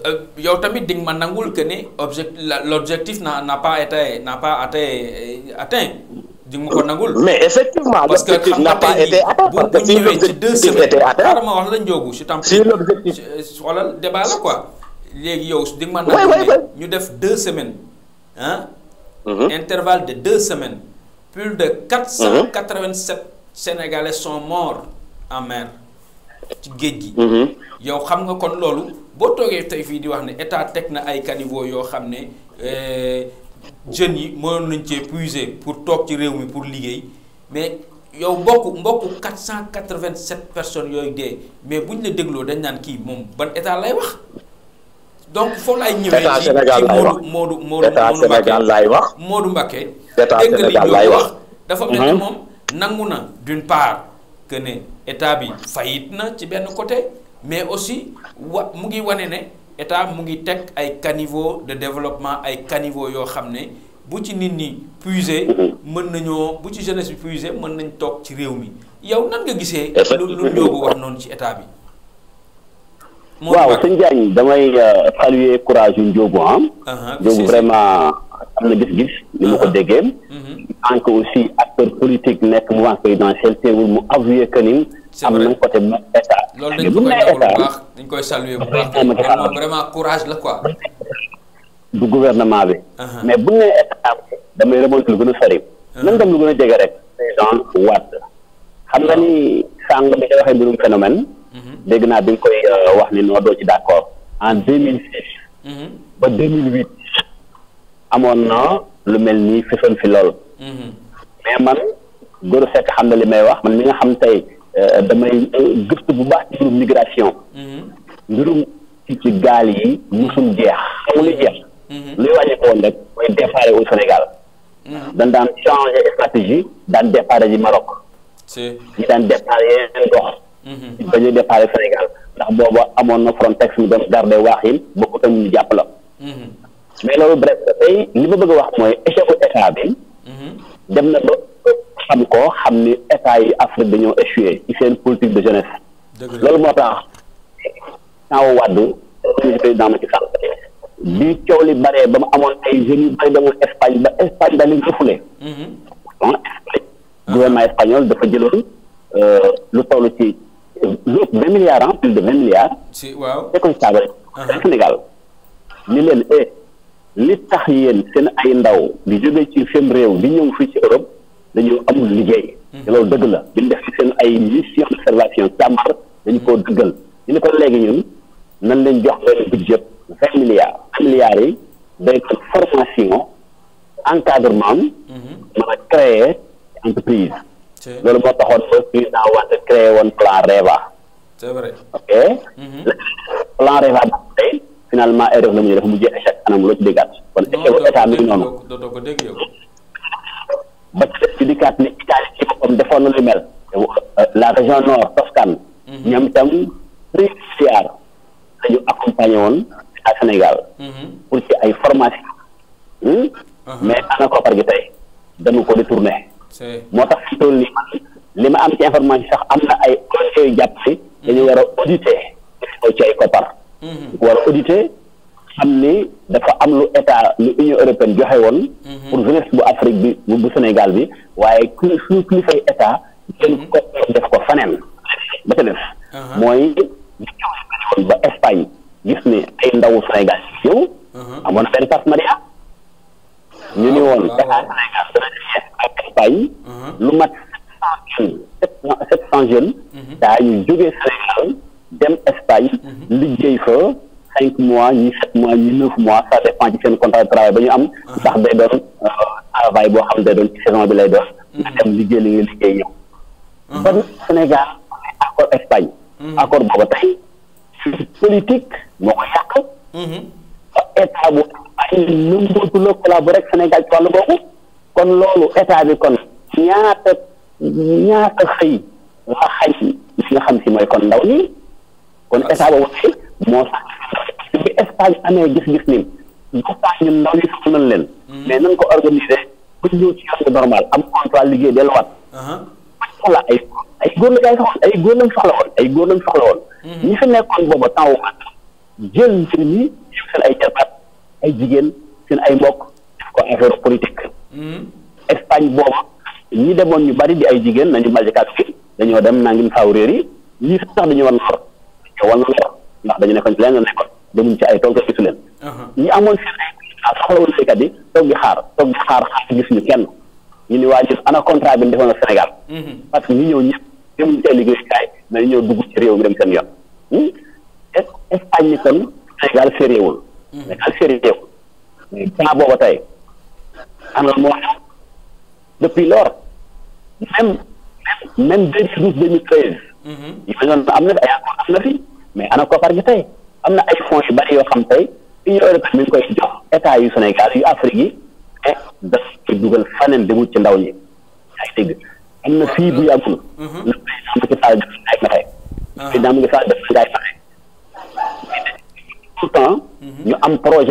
Euh, yow tamit di nga ma nangul que ne object l' objectif n'a n'a pas été n'a pas atteint euh, atteint di ma ko nangul. mais effectivement parce que xam nga tey jii bu bu ñëwee ci deux semaines xaaral wax la Ndiogou si tam. si l' objectif euh, xoolal la quoi. léegi yow di nga ma nangul ne ñu def deux semaines ah. intervalle de deux semaines. plus de mm-hmm. quatre cent quatre vingt sept sénégalais son morts en mer. ci géej gi. Mm-hmm. yow xam nga kon loolu. boo toogee tey fii di wax ne état teg na ay caniveau yoo xam ne euh, jeunes yi mënoon nañ cee puiser pour toog ci réew mi pour liggéey mais yow mbokk mbokk quatre cent vingt 487 personnes yooyu dee mais ñu la dégloo dañ naan kii moom ban état lay wax. donc foofu laay ñëwee ci Moodu Moodu Moodu Sénégal laay wax Moodu Mbacké dégg Sénégal laay wax dafa mel ni mm-hmm. moom nangu na d'une part que ne état bi fayit na ci benn côté mais aussi wa mu ngi wane ne état mu ngi teg ay caniveau de développement ay caniveau yoo xam ne bu ci nit ñi puiser mën nañoo bu ci jeunesse bi puiser mën nañ toog ci réew mi yow nan nga gisee lu lu Ndiogou wax noonu ci état bi waaw sëñ Diagne damay euh, saluer courage yu Ndiogou ah uh-huh, Ndiogou vraiment am na gis-gis ni ma ko ah, ah. déggee. Mm-hmm. en que aussi acteur politique nekk mouvance présidentielle teewul mu avoué que ni. am na côté bu état. dañ koy bu baax dañ koy la quoi. du gouvernement bi. Ah, mais bu ñu nee état damay remonter lu gën a sori. nan dem lu gën a jege rek. président Wade. xam nga ni sàng bi nga waxee mbirum phénomène. Mm-hmm. dégg naa bi nga koy euh, wax ni noo doo ci d' accord en deux mille six. Mm-hmm. ba deux mille huit amoon na. lu mel nii fësoon fi lool. Mhm. mais man góor fekk xam na li may wax man mi nga xam tey euh, damay gëstu bu baax ci migration. Mhm. mbirum ci gaal yi musul jeex amul jeex. Mhm. luy wàññi ko woon rek mooy départ au Sénégal. dañ daan changer stratégie daan départ ji Maroc. ñi daan départ yeneen gox. ba ñuy départ Sénégal ndax booba amoon na Frontex mu doon garde waax yi bokkut ak ñu jàpp la. mais loolu bref tey li ma bëgg a wax mooy échecu état bi. Mhm. dem na ba xam ko xam ni état yi Afrique dañoo échoué ci seen politique de jeunesse. loolu moo tax taw wàddu président Macky Sall bi coow li bare ba mu amoon ay jeunes yu bëri demoon Espagne ba Espagne daal di refoulé. donc mhm. gouvernement espagnol dafa jëloon euh, lu toll ci lépp vingt milliards ah plus de vingt a si waaw. Uh-huh. Sénégal ni leen eh, li tax yéen seen ay ndaw di jóge ci seen réew di ñëw fii ci Europe dañu amul liggéey. Mhm. te loolu dëgg la di def seen ay mission d'observation càmbar dañu koo dëggal ñu ne ko léegi ñun nan leen jox benn budget vingt milliards milliards yi day ko formation encadrement mhm. mën a créer entreprise. loolu moo taxoon ba président Wade créé woon plan REVA. c'est mhm. plan REVA ba tey. finalement erreur la mu ñu a mu jeex échec anam loo ci déggaat kon échec état mi ngi noonu. ba ci dikkaat ne Italie ci boppam defoon na lu mel. la région nord Toscane. Mhm. ñoom itam réussir dañu accompagner woon à Sénégal. Mhm. pour ci ay formation hmm? uh-huh. mais ana koppar gi tey dañu ko détourné. moo tax li ma am ci information sax am na ay jàpp si. Mhm. dañu war a ci ay koppar. Mm-hmm. war audité xam ni dafa am lu état lu union européenne joxe woon mm-hmm. pour jeunesse bu Afrique bi bu Sénégal bi waaye ku suñu kilifay état kenn mm-hmm. ko def ko faneen ba ca def uh-huh. mooy ba Espagne gis ni ay ndawu Sénégal si ñëw uh-huh. amoon na benn partenariat ñu ni woon uh-huh. état Sénégal ak Espagne lu mat sept cent jeunes sept cent jeunes daa ñu jógee Sénégal dem Espagne. Mhm. liggéey fa cinq mois ñi sept mois ñi neuf mois ça dépend ci seen contrat de travail ba ñu am. ndax day doon euh, travail boo xam day doon ci saison bi lay doon. Mhm. nga dem liggéey li nga liggéey ñëw. kon Sénégal accord Espagne. Mhm. accord boobu tey politique moo ko yàq. état bu ay nëmbootu la collaborer Sénégal ci wàllu boobu kon loolu état bi kon ñaata ñaata xëy la xañ li nga xam si mooy kon ndaw nii kon état boobu moo sax bi espace amee gis-gis ni gis ñun ndaw yi soxla nañ leen. Hmm. mais nañ ko organiser bu ñëw ci yoon normal am contrat liggéey delluwaat. soxla uh-huh. ay ay góor la ay soxla ay góor lañ soxla woon ay góor lañ soxla woon. Hmm. ñi fi nekkoon booba temps wu jël seen ñi seen ay jarbaat ay jigéen seen ay mbokk def ko affaire politique. Hmm. Espagne booba ñi demoon ñu bari di ay jigéen nañu malika fi dañoo dem nangin faaw réer yi lii sax dañu war wal na leer ndax dañu nekkoon ci leen la nekkoon demuñ ci ay tool te gisu leen uh-huh. ñi amoon seen soxla woon béykat yi toog di xaar toog di xaar xaar ci gisuñu kenn ñu ni waa ñun ana contrat bi ñu defoon ak Sénégal uh-huh. parce que ñu ñëw ñëpp demuñ ci ay liggéeyukaay mais ñu ñëw dugg ci dem seen yoon hmm? Sénégal sériewul uh-huh. Sénégal sériewul mais gaa booba tey am moo ma doon am na fi ay am na fi mais ana koppar gi tey am na ay fonds yu bari yoo xam tey union européenne mi ngi koy jox état yu Sénégal yu Afrique yi te daf ci dugal faneen demul ci ndaw ñi ay dégg am na fii bu yàggul mhm. la président Macky Sall def ay pexe ah. président Macky Sall def ay pexe pourtant mhm. ñu am projet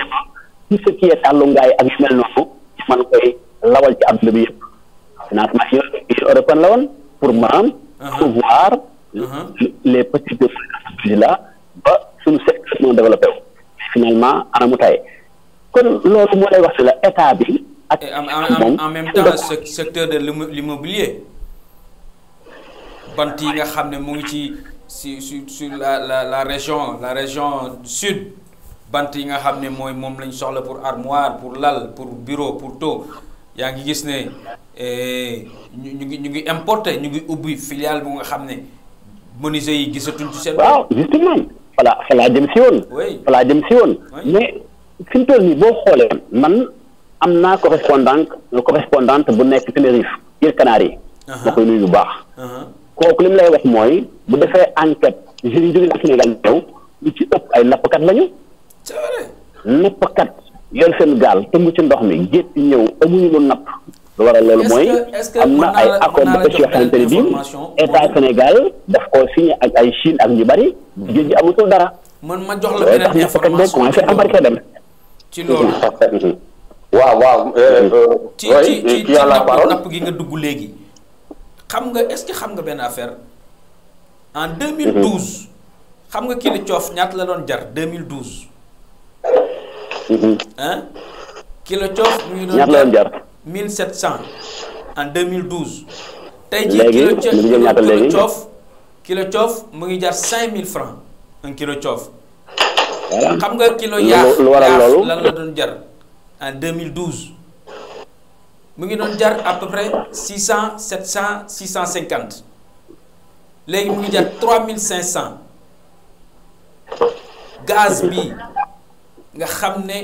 tout ce qui est tàllu ngaay ak koy lawal ci àdduna bi yëpp financement union européenne la woon pour maanaam ah. pouvoir le uh-huh. les petits défis là ba suñu secteur non développé finalement anamu taye kon loolu moo lay wax si la état bi ak en en même temps secteur de l'immobilier bant yi nga xam ne mu ngi ci si su sur la la la région la région sud bant yi nga xam ne mooy moom lañ soxla pour armoire pour lal pour bureau pour taux yaa ngi gis ne eh, ñu ngi ñu ngi importer ñu ngi ubbi filiale bu nga xam ne menuisier yi gisatuñ ci seen. waaw justement voilà fa laa jëm si woon. oui fa laa jëm si woon. mais fi nii boo xoolee. man am naa correspondant correspondante bu nekk Tenerife Îles Canaries. ma koy nuyu bu baax. kooku lim mu lay wax mooy bu defee enquête jeunes yi jóge na Sénégal ñëw lu ci ëpp ay nappkat lañu. c'est vrai nappkat yor seen gaal tëmb ci ndox mi géej gi ñëw amuñu lu napp. lu waral loolu mooy am na ay accord ba tës yoo xamante ne bii état Sénégal daf koo signé ak ay Chine ak ñu bari géej gi amatul dara. man ma jox la beneen information commencé embarqué dem. ci loolu. Mm-hmm. waaw waaw. Euh, euh, mm-hmm. ci ci euh, ci napp gi nga dugg léegi. xam nga est-ce que xam nga benn affaire en 2012. Mm-hmm. xam nga kilo coof ñaat la doon jar 2012. ah kilo coof. ñaata la doon jar. mille 1700 en 2012. tey ji kilo coof léegi mu kilo coof mu ngi jar cinq 5000 francs un kilo coof. xam nga kilo yaaf lu waral loolu lan la doon jar en mu ngi doon jar à peu près 600 700 650 léegi mu ngi jar 3500 gaz bi nga xam ne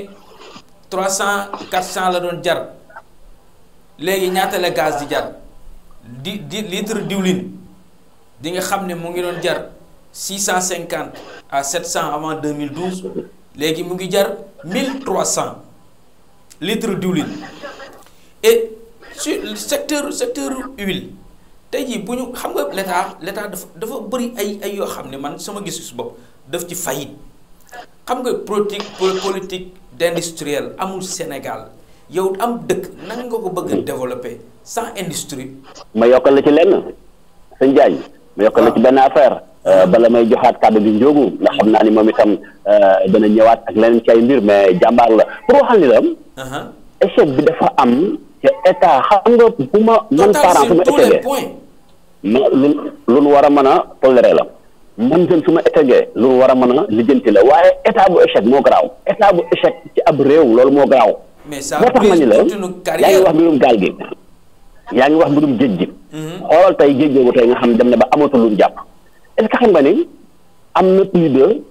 300 400 la doon jar. léegi ñaata la gaz di jar di di litre diwlin di nga xam ne mu ngi doon jar six cent cinquante à sept cent avant deux mille douze léegi mu ngi jar mille trois cent litre diwlin et sur secteur secteur huile tey jii bu ñu xam nga l'état l'état dafa dafa bëri ay ay yoo xam ne man sama gis su bopp def ci faillite xam nga politique politique d'industriel amul Sénégal. yow am dëkk nan nga ko bëgg a développer sans industrie. ma yokkal la ci lenn sëñ Diagne. ma yokkal la ci ah. benn affaire. Euh, ah. bala may joxaat kàddu gi njóogu ndax xam naa ni moom itam euh, dana ñëwaat ak leneen ci ay mbir mais jàmbaar la pour waxal ni la. Uh-huh. échec bi dafa am. ci état xam nga bu ma. man parent su ma échecgee ma lu lu war a mën a toléré la. man jën su ma échecgee lu war a mën a lijjanti la waaye état bu échec moo garaaw état bu échec ci ab réew loolu moo garaaw. mais ça moo tax ma ni la yaa ngi wax mbirum gaal gi yaa ngi wax mbirum géej gi. Mm-hmm. xoolal tey géej googu tey nga xam dem na ba amatul lu jàpp est xam nga ni am na plus de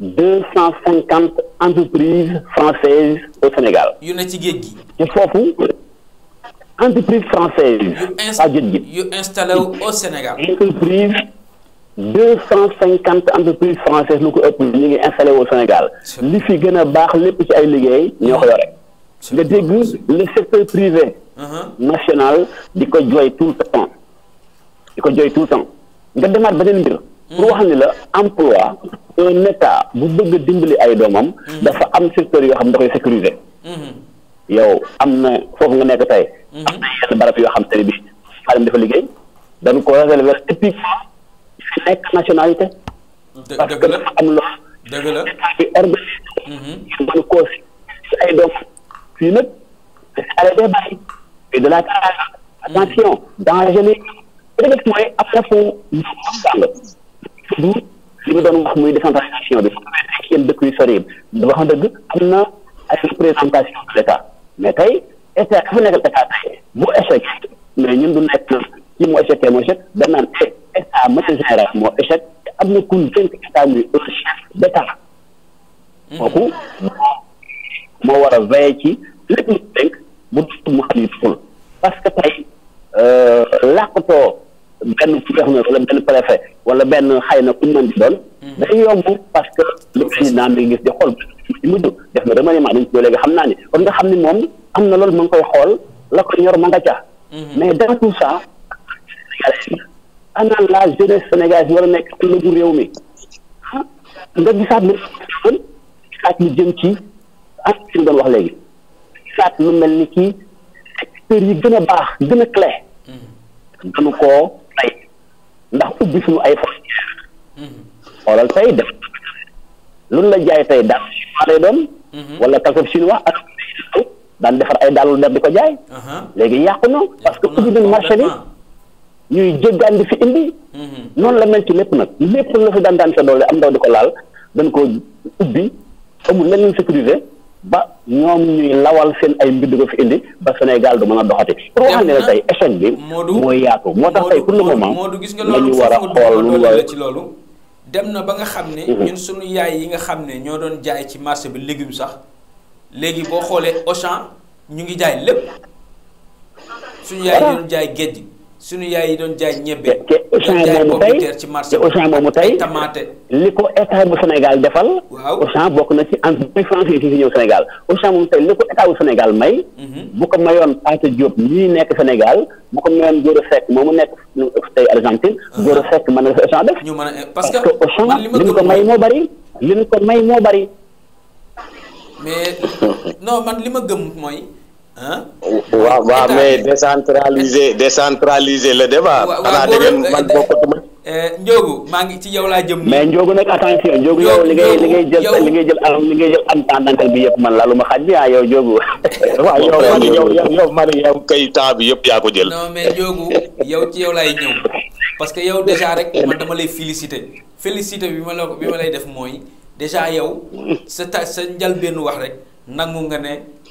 deux cent cinquante entreprises françaises au Sénégal. yu ci géej gi. te foofu entreprise française. yu géej gi yu installé au Sénégal. entreprise deux cent cinquante entreprises françaises lu ko ëpp ñu ngi installé au Sénégal. li fi gën a baax lépp ci ay liggéey ñoo ko yore. nga dégg le secteur privé uh-huh. national di ko jooy tout le temps di ko jooy tout le temps nga demaat beneen mbir hmm. pour wax ni la emploi un état bu bëgg a dimbali ay doomam hmm. dafa am secteur yoo xam da koy sécuriser hmm. yow am na foofu nga nekk tey am na yenn barab yoo xam te bi xaalim dafa liggéey dañ ko réserver typiquement fi nekk nationalité parce que dafa am loolu dëgg la état bi organisé ñu si ay doomam fii nag xale day bàyyi et de la carrière attention danger li rek mooy après fu mu am dàng li ñu doon wax muy décentralisation bi su ñu dëkk yu sori yi wax dëgg am na ay représentation de l' état mais tey état dafa nekkal état tey bu échec mais ñun du nekk ci mu échec mu échec dañ naan eh, état mën général moo échec am na ku ñu état muy un chef d' état. Hmm. moo war a veillé ci lépp lu dénk mu mu xam ful parce que tey euh, làkkatoo benn gouverneur wala benn préfet wala benn xëy na ku mën di doon. Hmm. day yomb parce que le président ngi gis di xool ci mujj def na remaniement dañ ci léegi xam naa ni kon nga xam ni moom am na loolu ma ngi koy xool la ko ñor ma nga ca. Hmm. mais dans tout ça ana la jeunesse sénégalaise war a nekk ëllëgu réew mi ah, nga gisaat lu jëm ci. ak si mu doon wax léegi saat lu mel ni kii secteurs yi gën a baax gën a clé dañu mm-hmm. koo tey ndax ubbi suñu ay frontières mm-hmm. xoolal tey def luñ la jaay tey daal chinois lay doon mm-hmm. wala calcul chinois ak daan defar ay daalul der di ko jaay uh-huh. léegi yàqu na parce que ubbi nañ marché ñuy jéggaan di fi indi noonu la mel ci lépp nag lépp la fi daan daan sa doole am ndaw di ko laal dañ ko ubbi amul leneen sécurité ba ñoom ñuy lawal seen ay mbir di ko fi indi ba Sénégal du mën a doxati. pour wax ne la tey moo bi. mooy yaatu moo tax tey pour le moment. la ñu war a xool lu ci loolu. dem na ba nga xam ne. Mhm. ñun suñu yaay yi nga xam ne ñoo doon jaay ci marché bi légume sax léegi boo xoolee Auchan ñu ngi jaay lépp. suñu yaay yi jaay géej gi suñu yaay yi doon jaay ñebbe te Auchan moomu tey te Auchan moomu tey li ko état bu Sénégal defal. waaw Auchan bokk na ci entreprise française yi fi ñëw Sénégal Auchan moomu tey li ko état bu Sénégal may. Mhm. bu ko mayoon Pate Diop ñii nekk Sénégal bu ko mayoon Gora Seck moomu nekk tey Argentine. Ah. Gora Seck mën ñu a parce que Auchan li ñu ko may moo bari li ñu ko may moo bari. mais non man li ma gëm mooy. ah. waaw waaw mais décentraliser décentraliser la débat. waaw xanaa da ngeen man bokkatuma. Eh, Ndiogu maa ngi ci yow laa jëm. mais Ndiogu nag attention Ndiogu yow li ngay li ngay jël li ngay jël am li ngay jël am temps bi yëpp man lalu ma xaj bi ah yow Ndiogu. [laughs] waaw yow man yow yow man kay temps bi yëpp yaa ko jël. non mais Ndiogu yow ci yow laay ñëw parce que yow déjà rek man dama lay féliciter féliciter bi ma la bi ma lay def mooy déjà yow sa ta sa njëlbeenu wax rek nangu nga ne.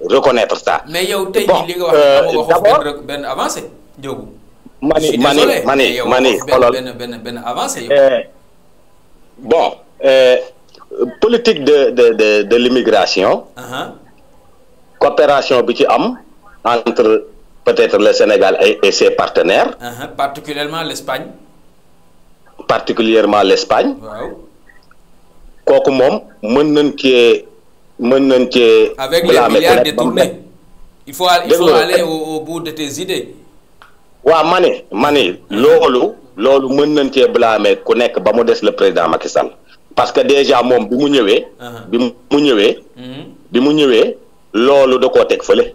reconnaître ça. mais yow tey jii li nga wax euh, d'abord benn avancé Ndiogou. ma ni ma ni ma ni benn benn benn avancé. Euh, bon euh, politique de de de de l'immigration. Uh-huh. coopération bi ci am entre peut-être le Sénégal et et ses partenaires. Uh-huh. particulièrement l'Espagne. particulièrement l'Espagne. waaw kooku moom mën nañ cee. mën nañ cee. avec les milliards détournés il il faut de tes idées. waaw ma ne ma ne loolu. loolu mën nañ cee blâmer ku nekk ba mu des le président Macky Sall parce que déjà moom bi mu ñëwee. Uh-huh. bi mu ñëwee. Mm-hmm. bi mu ñëwee loolu da koo teg fële.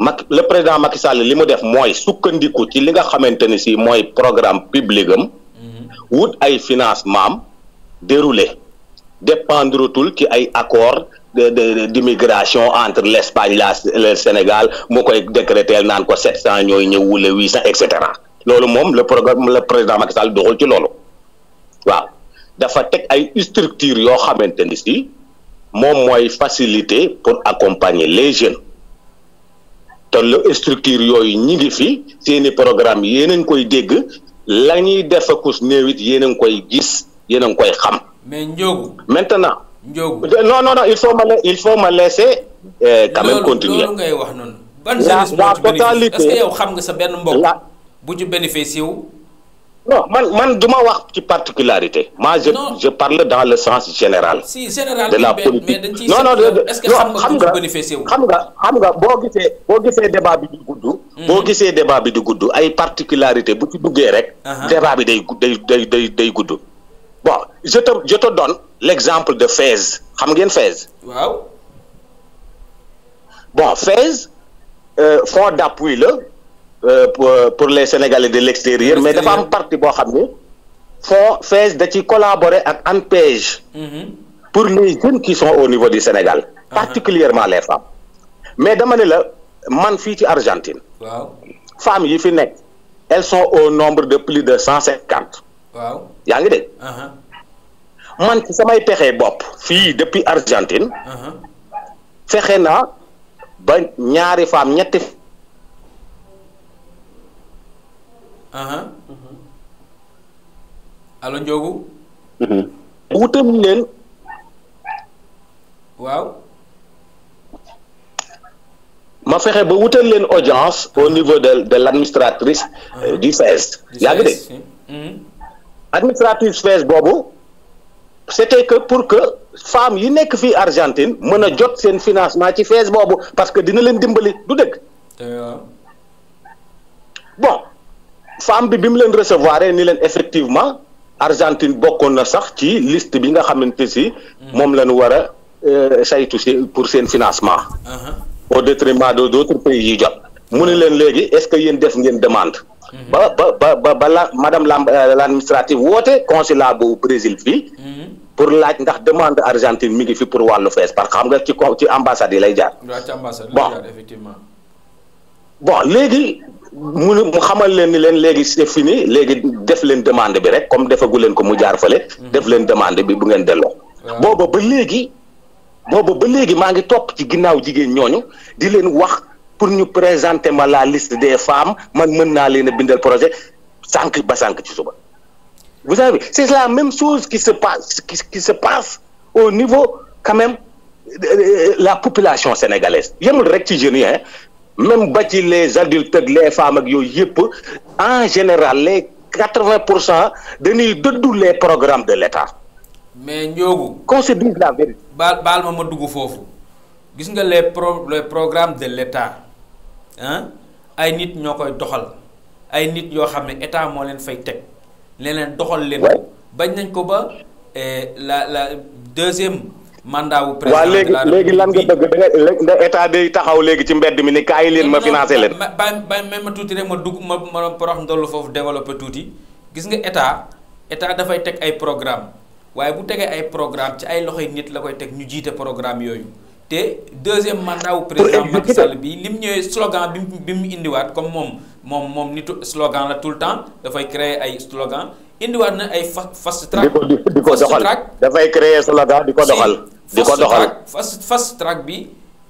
Mac le président Macky Sall li mu def mooy sukkandiku ci li nga xamante ni si mooy programme public am. Mm-hmm. wut ay financement am déroulé. dépendretul ci ay accord de de d'immigration entre l'Espagne la le Sénégal mu koy décréter naan ko sept cent ñooy ñëwule wala huit et cetera loolu moom le programme le président Macky Sall doxul ci loolu waaw dafa teg ay structure yoo xamante ni si moom mooy facilité pour accompagner les jeunes te le structure yooyu ñi ngi fi seeni programme yéen a ngi koy dégg la ñuy defakus néewit yéen a ngi koy gis yéen a ngi koy xam mais Ndiogou. maintenant. Ndiogou non non non il faut ma la il faut ma laisser. Euh, quand même continuer loolu ngay wax noonu. ban service moo ci bénéfice est-ce xam nga sa benn mbokk. bu ci bénéficié wu. non man man du ma wax ci particularité. ma je non. je parle dans le sens général. si général de la politique mais non non est-ce xam nga xam nga xam nga boo gisee boo gisee débat bi di gudd. Hmm. boo gisee débat bi di gudd ay particularité bu ci duggee rek. débat bi day day day day gudd. bon je te je te donne l'exemple de Fès xam ngeen Fès. waaw. bon Fès euh, fonds d'appui la euh, pour, pour les Sénégalais de l'extérieur mais dafa am parti boo xam ne fonds Fès da ci collaborer ak ANPEJ. Mhm. pour les jeunes qui sont au niveau du Sénégal. Uh ah. -huh. particulièrement les femmes. mais dama ne la man fii ci Argentine. waaw femmes yi fi nekk. elles sont au nombre de plus de cent cinquante. waaw yaa ngi dégg. man ci samay pexe bopp fii depuis Argentine. fexe naa ba ñaari femmes ñetti. Mhm. allo Ndiogu. Mhm. wutam leen. waaw. ma fexe ba wutal leen audience au niveau de de l' administratrice euh, du CES yaa ngi dégg. Mhm. administrative space boobu c'était que pour que femmes yi nekk fii Argentine mën a jot seen financement ci fees boobu parce que dina leen dimbali du dëgg. Euh, euh. bon femme bi bi mu leen recevoir ni leen effectivement Argentine bokkoon na sax ci liste bi nga xamante si. Hmm. moom la ñu war a euh, saytu si pour seen financement. Uh-huh. au détriment de d'autres pays yi jot. mu ne leen léegi est-ce que yéen def ngeen demande. ba ba ba ba la madame euh, l'administrative woote consulat bu Brésil fii. Mm-hmm. pour laaj ndax demande Argentine mi ngi fi pour wàllu fees parce que xam nga ci co ci ambassade yi lay jaar. bon bon léegi mu mu xamal leen ni leen léegi c'est fini léegi def leen demande bi rek comme defagu leen ko mu jaar fële. Mm-hmm. def leen demande bi bu ngeen delloo. booba ba léegi. booba ba léegi maa ngi topp ci ginnaaw jigéen ñooñu di leen wax. pour ñu présenter ma la liste des femmes man mën naa leen a bindal projet sànq ba sànq ci suba vous savez c'est la même chose qui se passe qui, qui se passe au niveau quand même euh, euh, la population sénégalaise yemul rek ci jeunes yi même ba ci les adultes ak les femmes ak yooyu yëpp en général les quatre-vingts pour cent dañuy dëddu les programmes de l'État. mais Ndiogou. qu'on se dise la vérité. baal ma ma dugg foofu gis nga les pro les programmes de l'État ay nit ñoo koy doxal ay nit yoo xam ne état moo leen fay teg leneen doxal leen bañ nañ ko ba eh, la la deuxième mandat wu président waaw léegi léegi lan nga bëgg da nga état day taxaw léegi ci mbedd mi ni kaay leen ma financé leen ba ba même ma tuuti rek ma dugg ma ma porox ndollu foofu développé tuuti gis nga état état dafay teg ay programme waaye bu tegee ay programme ci ay loxo nit la koy teg ñu jiite programme yooyu te deuxième mandat wu président Macky Sall bi lim ñëwee slogan bi mu indiwaat comme moom moom moom nitu slogan la tout le temps dafay créer ay slogan indiwaat na ay fa fast track. di ko di ko doxal dafay créer slogan di ko doxal. di ko doxal fast fast track bi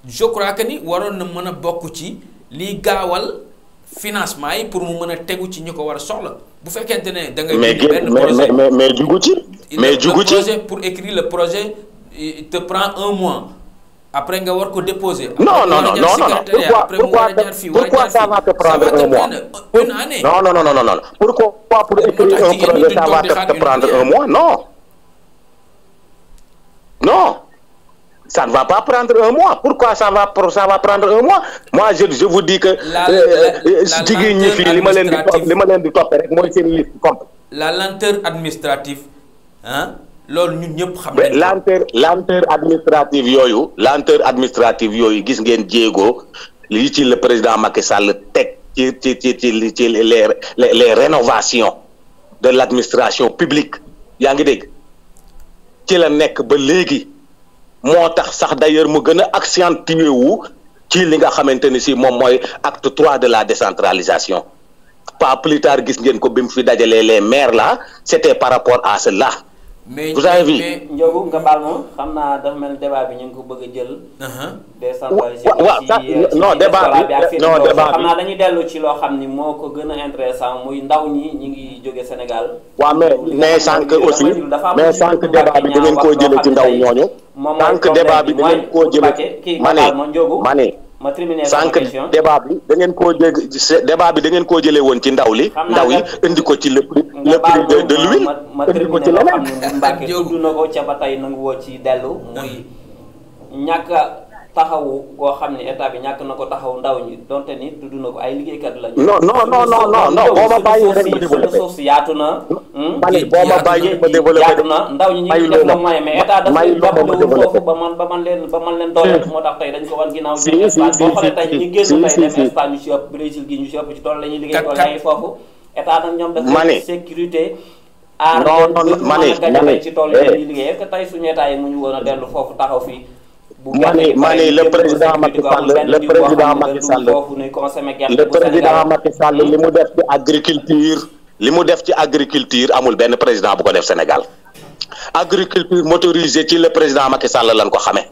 je crois que ni waroon na mën a bokk ci liy gaawal. financement yi pour mu mën a tegu ci ñu ko war a soxla bu fekkente ne da nga. benn projet mais mais mais jugu ci. mais jugu ci projet pour écrire le projet te prend un mois après nga war ko déposer. non non non non pourquoi pourquoi pourquoi ça va te prendre un mois. non non non non non pourquoi pour écrire un projet ça va te prendre un mois non. non ça ne va pas prendre un mois pourquoi ça va ça va prendre un mois moi je je vous dis que. Euh, euh, jigéen ñi fii li ma leen di li ma leen di toppee rek mooy seen liste compte. la lenteur administrative hein loolu ñu ñëpp xam nañ lenteur lenteur administrative yooyu lenteur administrative yooyu gis ngeen jéego li ci le président Macky Sall teg ci ci ci ci ci les les rénovations de l' administration publique yaa ngi dégg ci la nekk ba léegi moo tax sax d'ailleurs mu gën a accentué wu ci li nga xamante ni si moom mooy acte trois de la décentralisation pas plus tard gis ngeen ko bi mu fi dajalee les maire là c' était par rapport à cela mais vous avez vu nga baal ma xam naa dafa mel débat bi ñu ngi ko bëgg a jël. décentralisé waaw sax non débat bi non débat bi xam naa dañuy dellu ci loo xam ni moo ko gën a intéressant muy ndaw ñi ñu ngi jóge Sénégal. waa mais mais sànq aussi mais sànq débat bi dangeen koo jëlee ci ndaw ñooñu. moom mooy débat bi dangeen koo jëlee ma ne ma ne. ma terminer sànq débat bi da ngeen koo jég débat bi da ngeen koo jëlee woon ci ndaw li. ndaw yi indi ko ci lëpp prix le prix de de l'huile indi ko ci leneen. Mbacke na ko ca ba tey nangu woo ci dellu muy ñàkk taxawu goo xam ne état bi ñàkk na ko taxaw ndaw ñi donte ni tudd na ko ay liggéeykat la. non non non non non yaatu na. Hmm? boo ma bàyyi na ndaw ñi ñu ngi ba man ba man leen ba moo tax tey dañ ko wan ginnaaw ñu Espagne boo xoolee tey ñu génn tey dem liggéey tool ma ne ma ci tool liggéey tey suñu état yi mu ñu woon a dellu foofu taxaw fii ma ne ma ne le président Macky Sall le président Macky Sall le président Macky Sall li mu def ci agriculture li mu def ci agriculture amul benn président bu ko def Sénégal agriculture motorisée ci le président Macky Sall lañ ko xamee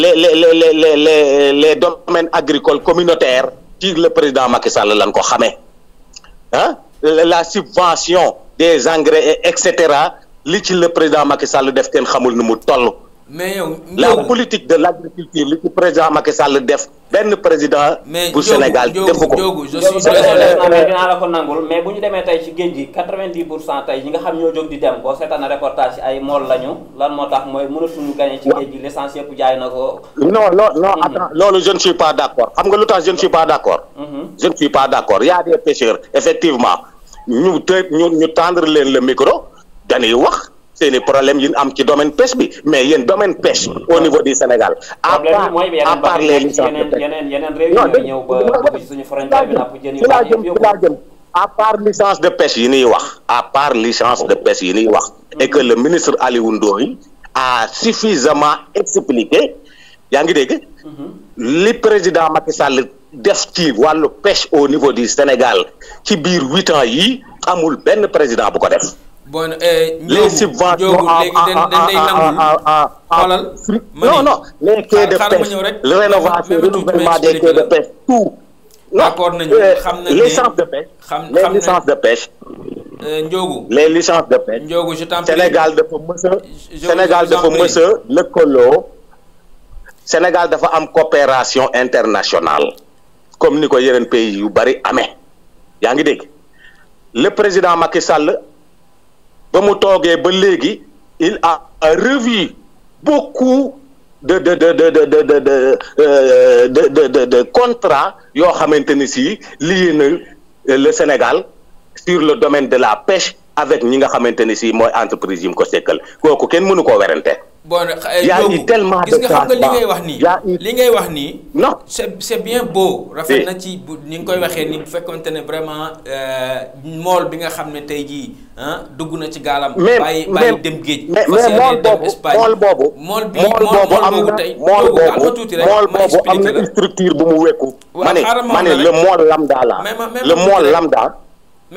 le les les les les les domaines agricoles communautaires ci le président Macky Sall lañ ko xamee ah la subvention des engrais et et cetera li ci le président Macky Sall def ten xamul nu mu toll. mais yow la politique de l' agriculture li ci président Macky Sall def benn président. bu Sénégal def ko Ndiogou je suis désolé dinaa la ko nangul mais bu ñu demee tey ci géej gi 90 pour cent tey ñi nga xam ñoo jóg di dem boo seetaan reportage ci ay mool lañu lan moo tax mooy mënatuñu gagné ci géej gi l' essentiel bu jaay na ko. non non non mhm. attends loolu je ne suis pas d' accord xam nga lu tax je ne suis pas d' accord. Mhm. je ne suis pas d' accord y a des pêcheurs effectivement ñu te ñu ñu tendre leen le micro dañuy wax. seen problème yi ñu am ci domaine pêche bi mais yéen domaine pêche au niveau du Sénégal. à part à part les licences de pêche non de à part licence de pêche yi ñuy wax à part licence de pêche yi ñuy wax et que le ministre Aliou Ndoye a suffisamment expliqué yaa ngi dégg mhm. président Macky Sall def ci wàllu pêche au niveau du Sénégal ci biir huit ans yi amul benn président bu ko def bon eh, les les quais de pêche le rénovation renouvellement des quais de pêche tout euh, xam nañu euh, les licences de pêche les licences de pêche Ndiogou de pêche Ndiogou je t'en prie Sénégal dafa Sénégal dafa mës a dafa am coopération internationale comme ni ko yeneen pays yu bari amee yaa ngi dégg le président Macky Sall ba mu toogee ba léegi il a revu beaucoup de de de de de de de de de de contrat yoo xamante ni si lié na le Sénégal sur le domaine de la pêche avec ñi nga xamante ni si mooy entreprise yi mu ko sekkal kooku kenn mënu koo werante bon eh, yooyu tellement de gis nga xam nga li ngay wax nii. li ngay wax nii. non c'est c'est bien beau. rafet na ci bu ni nga koy waxee ni bu fekkonte ne vraiment euh, mool bi nga xam ne tey jii ah dugg na ci gaalam. bàyyi bàyyi dem géej. mool boobu mool boobu. mool bi mool boobu tey mool boobu mool boobu am na structure bu mu wekku. ma ne ma ne le mool lambda la. le mool lambda.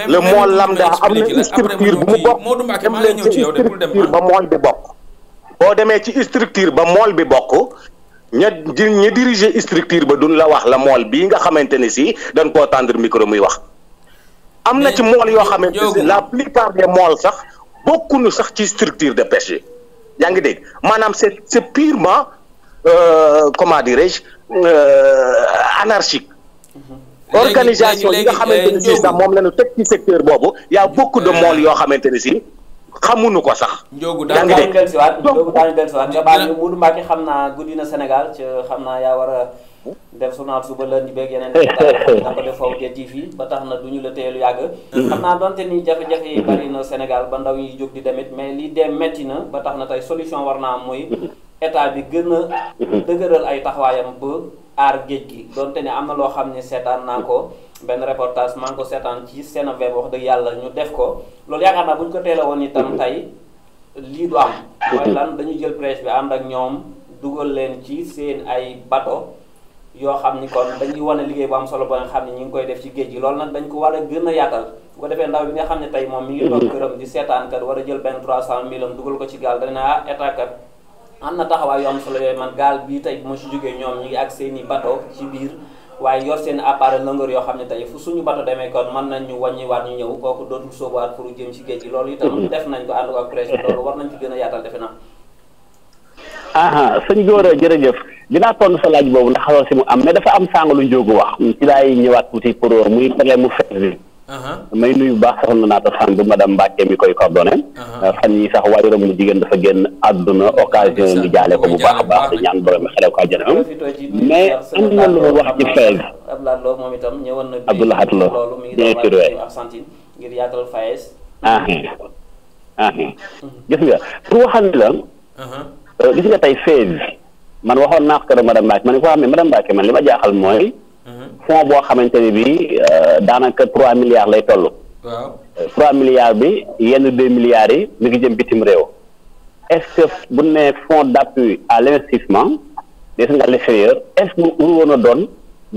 le mool lambda am na structure bu mu bokk. même ah. structure ba mool bi bokk. boo demee ci structure ba mool bi bokk ña di ña structure ba duñ la wax la mool bii nga xamante ne si dañ koo tendre micro muy wax. am na ci mool yoo xamante ne si la plupart des mool sax bokkuñu sax ci structure de pêche yaa ngi dégg maanaam c'est c'est purement euh, comment dirais-je euh, anarchique. organisation yi nga xamante ne si sax moom la ñu teg ci secteur boobu y a de euh. mool yoo xamante ne si. xamuñu ko sax. Ndiogu daan daan dellusiwaat Ndiogu daan dellusiwaat Jokalante Modou Mbacke xam naa guddi na Sénégal ci xam naa yaa war a def journal suba la ñu beeg yeneen nga ko def foofu ci fii ba tax na du ñu la téyelu yàgg xam naa donte ni jafe-jafe yi bari na Sénégal ba ndaw yi jóg di demit mais lii dee métti na ba tax na tey solution war naa am mooy état bi gën a dëgëral ay taxawaayam ba aar géej gi donte ne am na loo xam ne seetaan naa ko benn reportage man ngi ko seetaan ci Seneweb wax dëgg yàlla ñu def ko loolu yaakaar naa bu ñu ko teela woon itam mm-hmm. tey lii du am mm-hmm. mooy lan dañuy jël presse bi ànd ak ñoom dugal leen ci seen ay bato yoo xam ni kon dañuy wane liggéey bu am solo ba nga xam ne ñu ngi koy def ci géej gi loolu nag dañ ko war a gën a yaatal bu ko defee ndaw bi nga xam ne tey moom mi ngi toog mm-hmm. këram di seetaan war a jël benn 300 mille am dugal ko ci gaal dana ah état kat am na taxawaay yu am solo yooyu man gaal bii tey bu ma si jógee ñoom ñu ngi ak seen bato ci biir waaye yor seen appareil longueur yoo xam ne tey fu suñu bato demee kon mën nañ ñu wàññiwaat ñu ñëw kooku dootul sóobuwaat pour jëm ci géej gi loolu itam mm-hmm. def nañ ko ànd ko ak projet loolu war nañ ci gën a yaatal defe naa aha sëñ Gora jërëjëf dinaa tontu sa laaj boobu ndax loolu si mu am mais dafa am sàng lu njóogu wax ci laay ñëwaat tuuti pour muy problème mu fees bi Uh-huh. may nuyu bu baax soxna naata sàng madame Mbacke mi koy coordonné uh-huh. uh, fan yi sax waajuram mu jigéen dafa génn àdduna occasion ñu jaale ko bu baax a baax di ñaan borom xale ko àjjana mais andi na lu mu wax ci feeg Abdoulahat Lo bien sûr waay ahim mm-hmm. gis nga pour waxal ni la uh-huh. euh, gis nga tey feeg man waxoon naa ko madame Mbacke man ko xam ne madame man li ma jaaxal mooy fonds boo xamante ne bii euh, daanaka trois milliards lay toll. waaw euh, trois milliards bi yenn deux milliards yi mi ngi jëm bitim réew. est bu ne fonds d'appui à l'investissement des nga l'extérieur est-ce que a doon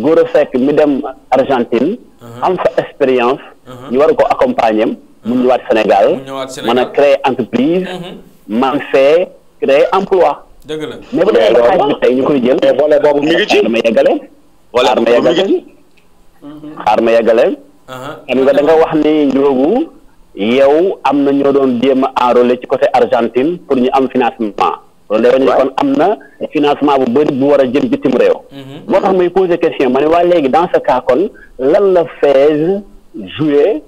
góor a fekk mi dem Argentine. Uh-huh. am fa expérience. Uh-huh. ñu war ko accompagner uh-huh. mu ñëwaat Sénégal mën a créer entreprise. man fee créer emploi. dëgg la mais bu dee xaalis tey ñu koy jël. mais volet boobu voilà xaar ma yeggaleen xaar ma yeggaleen xam nga da wax ni Ndiogu yow am na ñoo doon jéem a enrôler ci côté Argentine pour ñu am financement loolu day wane kon am na financement bu bëri bu war a jëm bitim réew moo tax may poser question ma ne waa léegi dans ce kon lan la fees jouer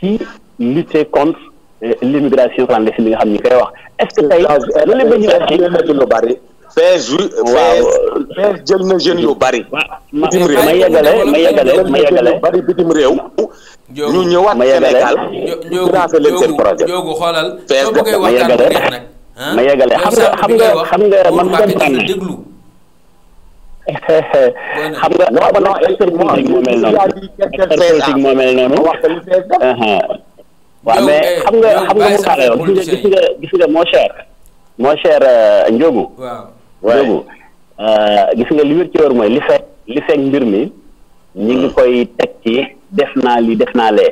ci lutter contre l'immigration clandestine bi nga xam ni koy wax est-ce que tey lu leen ba ñu fee ju fee jël na jeunes yu bari. bitim réew ma yegale ma yegale ma yegale bari bitim réew. ma yegale ah. xam nga xam nga xam nga man dem tànn. xam nga non non politique moo mel noonu politique moo mel noonu uh-huh. waaw mais xam eh, xam nga mu xaaral gis nga gis nga gis nga moo cher moo cher euh, Ndiogu waaw gis nga li wér ci wér mooy li fekk li fekk mbir mi. ñi ngi koy teg ci def naa li def naa lee.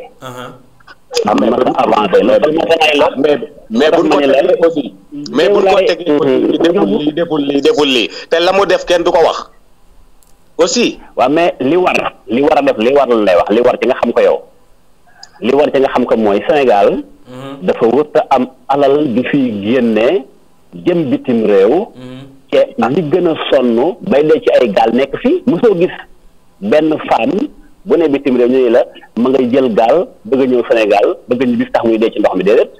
am na tam mais bu buñ ko teg aussi mais buñ ko li te la mu def kenn du ko wax aussi. waa mais li war li war a def li warul lay wax li war ci nga xam ko yow li war ci nga xam ko mooy Sénégal. dafa wërta am alal bi fi génnee jëm bitim réew. ci gën a sonn bay dee ci ay gaal nekk fii mosoo gis benn femme bu ne bitim réew ñu la mu ngay jël gaal bëgg ñëw Sénégal bëgg ñu bis tax muy dee ci ndox mi déedéet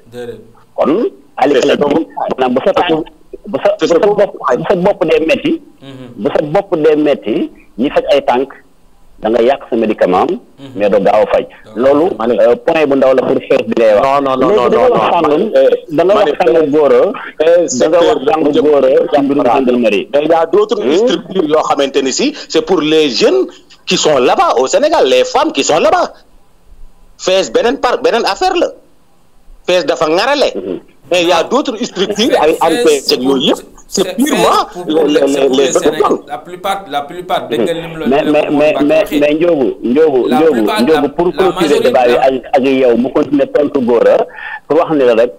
kon alika la boobu bu sa tànk bu sa bu sa bopp bu sa bopp dee metti mhm. bu sa bopp dee metti ñi faj ay tànk da nga yàq sa médicament am. Mhm. mais doo gaaw a faj. loolu euh, point bu ndaw la pour xeex bi lay wax. non non non non non euh, euh, da nga wax sànq góora. da nga wax sànq góora ci mbirum gendarmerie. il y a d'autres hmm? structures yoo xamante ni si c'est pour les jeunes qui sont là-bas au Sénégal les femmes qui sont là-bas. fees beneen par beneen affaire la fees dafa ŋarale. Hmm. mais il y a d'autres structures ay ANPE yooyu yëpp. c'est purement les la plupart la plupart mais mais mais mais Ndiogou Ndiogou Ndiogou Ndiogou pour clôturer débat yi ak ak yow mu continuer tontu Gora pour wax ne la rek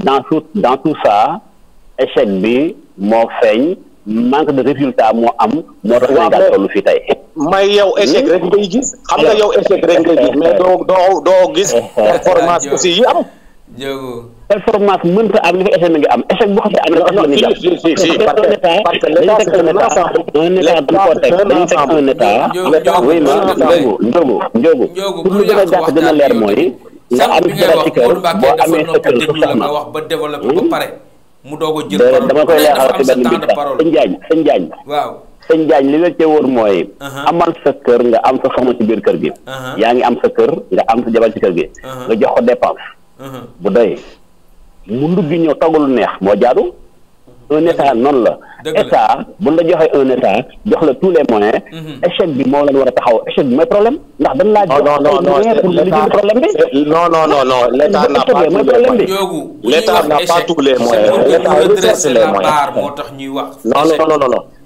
dans tout dans tout ça échec bi moo feeñ manque de résultat moo am moo tax Sénégal tollu fii tey may yow échec rek ngay gis xam nga hmm? yow échec rek ngay gis mais doo doo doo gis [laughs] performance Diogo. performance mënta am li fa échec mi ngi am échec bu ko teg a gàtt mooy. nga boo hmm? amee sa kër su sax na. mu koy leeral ci benn mbir sax sëñ Diagne sëñ Diagne. li la cee wóor mooy. Uh-huh. amal sa kër nga am sa soxna ci biir kër gi. Uh-huh. yaa ngi am sa kër nga am sa jabar ci kër gi. Uh-huh. nga jox ko dépense bu doy mu ndugg ñëw toggalu neex moo jaadu. un état noonu la. état bu la joxee un état jox la tous les moyens. Mhm. échec bi moo la war a taxaw échec bi mooy problème ndax dañ laa jox. Ah, non non non pour li jël problème bi. Eh, non non non non l' état n' a pas tous les moyens. l' état n' a pas tous les moyens. l' état redresse les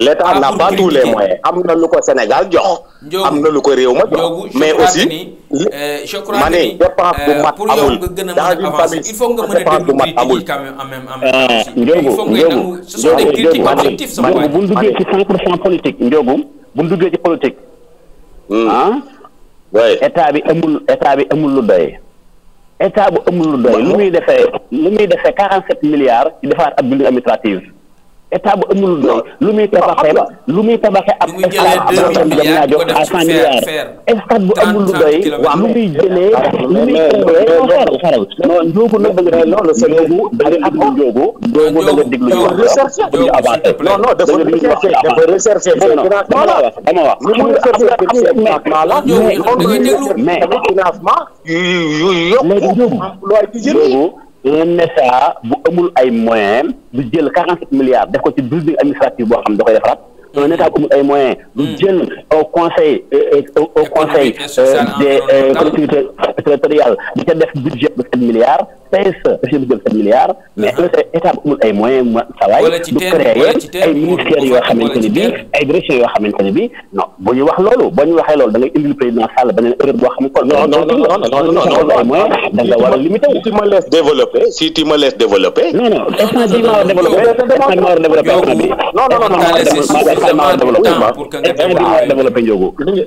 l' état n'a pas tous les moyens am na lu ko Sénégal jox. Oh, am na lu ko réew ma jox mais aussi. Euh, je crois que ni dépense bu euh, mat amul dans une famille dépense bu mat amul. Euh, Ndiogou Ndiogou man de bu ñu duggee ci 100 pour cent politique Ndiogou bu ñu duggee ci politique. Hmm. ah. oui état bi amul état bi amul lu doy. état bu amul lu doy. lu muy defee lu muy defee 47 milliards ci defaat ab building administrative. état bu amul doole lu muy tabaxee lu muy tabaxee ab stade am na solo jëm naa jox à cent milliards stade bu amul lu doy lu muy jëlee lu muy jëlee xaaral xaaral njóogu nag da nga déglu loolu sa njóogu da nga déglu njóogu njóogu da nga déglu ñu wax pour ñu avancer non non dafa recherché dafa recherché non non dama wax lu muy recherché financement la mais mais financement yu yu yokk looy un état bu amul ay moyens du jël quarante sept milliards def ko ci building administratif boo xam da koy defaraat mm. un état bu amul ay moyens du mm. jël au conseil euh, euh, au conseil euh, des collectivités territoriales di ca def budget de sept milliards PSE daf leen jël sa mais état bi ay moyens ma du créer ay ministères yoo xamante ni ni bii non bu ñu wax loolu boo ñu waxee loolu da ngay indil président Sall beneen erreur boo xam kon. non non non nga a a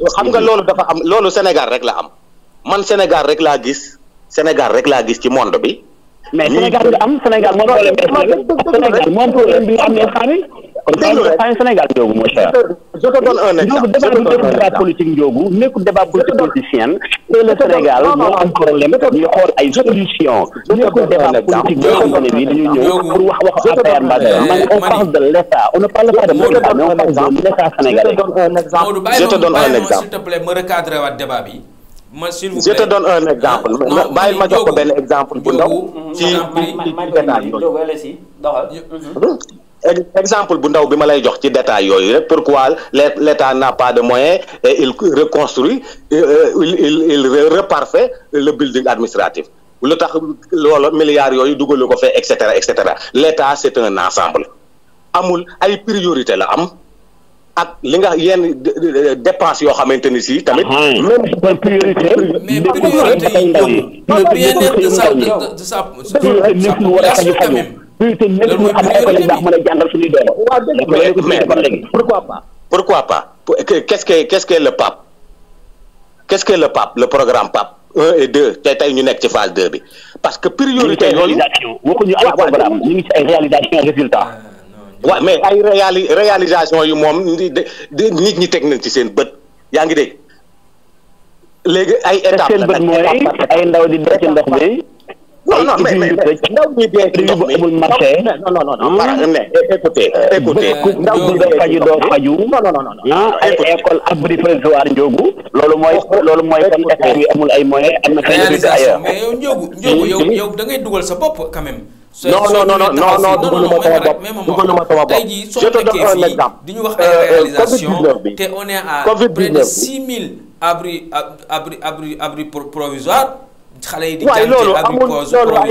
a a a loolu dafa am loolu Sénégal rek la am man Sénégal rek laa gis. Sénégal rek laa gis ci monde bi. mais Sénégal nga am Sénégal moom Sénégal moom problème bi am na xaalis. kon Sénégal Ndiogou mooy cher. je te bi nekkul débat politique Ndiogou nekkul débat politique politicienne. te le Sénégal moo am problème ñu xool ay solution nekkul débat politique boo xam ne bi dañu ñëw pour wax wax affaire mbaa man on parle de l'État on ne exemple bi. man s'il vous plaît je te donne un exemple. non ma jox ko benn exemple bu ndaw. exemple bu ndaw bi ma lay jox ci détail yooyu rek pourquoi l' état n'a pas de moyens il reconstruit euh, euh, il il reparfait le building administratif lu tax loola milliards yooyu dugalu ko fee et cetera et cetera l' est un ensemble amul ay priorité la am. ak li nga yenn dépense yoo xamante ni si tamit. même priorité. mais priorité yi ñoom le bien-être de sa de sa population quand même. priorité nekk ñu am école yu baax mën a jàngal suñuy doom. waaw mais mais pourquoi pas. pourquoi pas qu'est-ce que qu'est-ce que le PAP qu'est-ce que le PAP le programme PAP. un et deux te tey ñu nekk ci phase deux bi parce que priorité. yooyu waxuñu ay programme ñu ngi ci réalisation résultat. Euh. waaw mais ay réali réalisation yu moom nit ñi teg nañ ci seen bët yaa ngi dégg léegi ay étape seen bët mooy ay ndaw di dee ci ndox bi. non non mais mais ndaw di dee ci ndox bi amul marché. non non non écoutez écoutez ndaw di dee faju doo faju. non non non ay école abri provisoire njóogu. loolu mooy loolu mooy comme état bi amul ay moyens am na. réalisation mais yow njóogu njóogu hmm? yow yow da ngay dugal sa bopp quand même. non non non non non non dugaluma sama bopp dugaluma sama bopp je te donne un exemple di ñu wax ay euh, euh, réalisation te abri abri abri provisoire xale yi di jàng ay wax la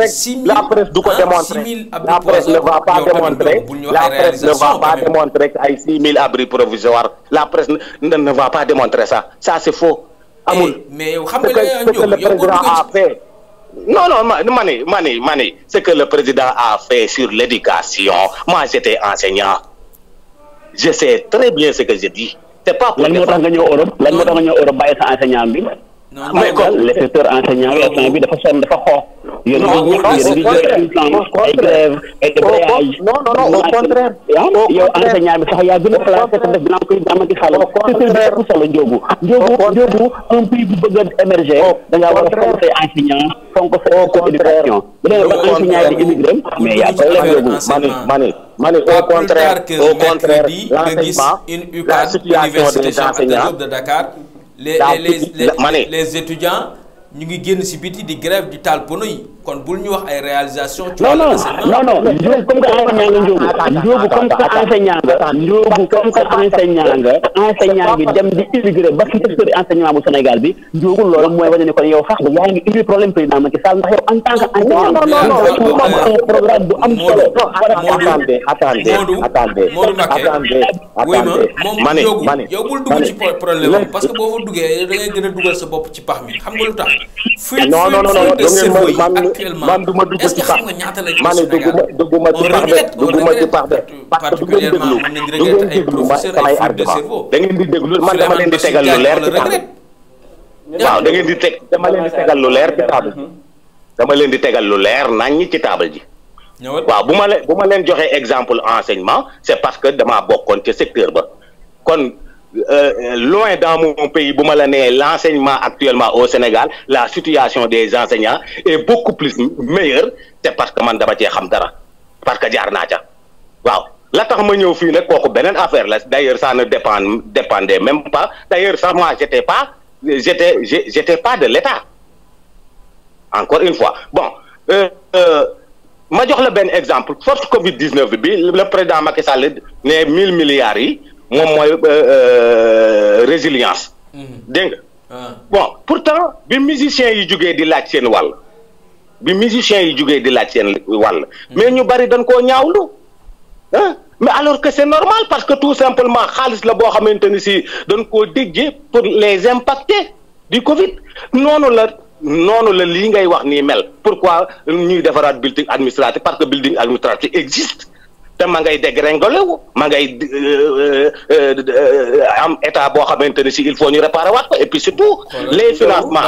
rek la presse du ko la presse ne va pas démontrer la presse ne va pas démontrer que ay 6000 abris provisoires la presse ne va pas démontrer ça ça c'est faux. amul eh, mais yow xam nga li non non mani mani mani ce que le président a fait sur l'éducation moi j'étais enseignant je sais très bien ce que je dis c'est pas pour lan nga ñëw Europe lan moo tax nga ñëw Europe bàyyi sa enseignant bi am école les secteurs enseignants instant bi dafa sonn dafa xoox yéen a ngi ay grève ay débrayage non non non au contraire enseignant bi sax yaa gën a placé que def bilan président Macky Sall secteur bi ëpp solo njóobu njóobu njóobu un pays bu bëgg a émerger da ngaa war a fonk say enseignant fonk sa éducation bu dee ba enseignant di immigré mais yaa problème njóobu mani mani mani au contraire au contraire l'enseignement la situation des enseignants de Dakar les les les les étudiants ñu ngi génn ci biti di grève di taal pono yi. kon bul ñu wax ay réalisation. non non non non Ndiob comme que ah, enseignant nga Ndiob. Ndiob comme que enseignant nga. Ndiob comme que enseignant nga. dem ba ci secteur enseignement bu bi Ndiob loolu mooy wane ne kon yow sax yaa ngi indi problème président Macky Sall ndax yow en tant que enseignant. non non non non programme bu am solo. attendez attendez attendez attendez attendez ma ne ma ne yow bul dugg ci problème parce que boo fa duggee da ngay gën a dugal sa bopp ci pax mi xam nga lu tax. man du ma dugg ci ma ne dugguma dugguma ci pax de dugguma ci pax de parce que du ngeen déglu du ngeen déglu ma leen di tegal lu leer ci pax bi da ngeen di teg dama leen tegal lu leer ci table dama leen di tegal lu leer nañ ci table ji waaw bu ma leen bu ma leen joxee exemple enseignement c'est parce que damaa bokkoon ca secteur ba kon Euh, euh, loin dans mon pays bu ma la nee l'enseignement actuellement au Sénégal la situation des enseignants et beaucoup plus meilleure te parce que man dama cee xam dara parce que jaar naa ca waaw la tax ma ñëw fii nag kooku beneen affaire la d'ailleurs ça ne dépend dépendait même pas d'ailleurs sax moi j'étais pas j'étais j'étais pas de l'État encore une fois bon euh, euh ma jox la benn exemple force Covid 19 bi le président Macky Sall ne mille milliards yi moom mooy euh, résilience. Mm-hmm. dégg nga. Ah. bon pourtant bi musiciens yi jugee di laaj seen wàll. bi musiciens yi jugee di laaj seen wàll. Mm-hmm. mais ñu bari dañ koo ñaawlu ah mais alors que c'est normal parce que tout simplement xaalis la boo xamante ni si dañ koo déggee pour les impacter di Covid noonu la. noonu la lii ngay wax nii mel pourquoi ñuy defaraat building administratif parce que building administratif existe te ma ngay dégringolé wu ma ngay euh, euh, euh, am état boo xamante ne si il faut ñu réparer waat ko et puis surtout les financements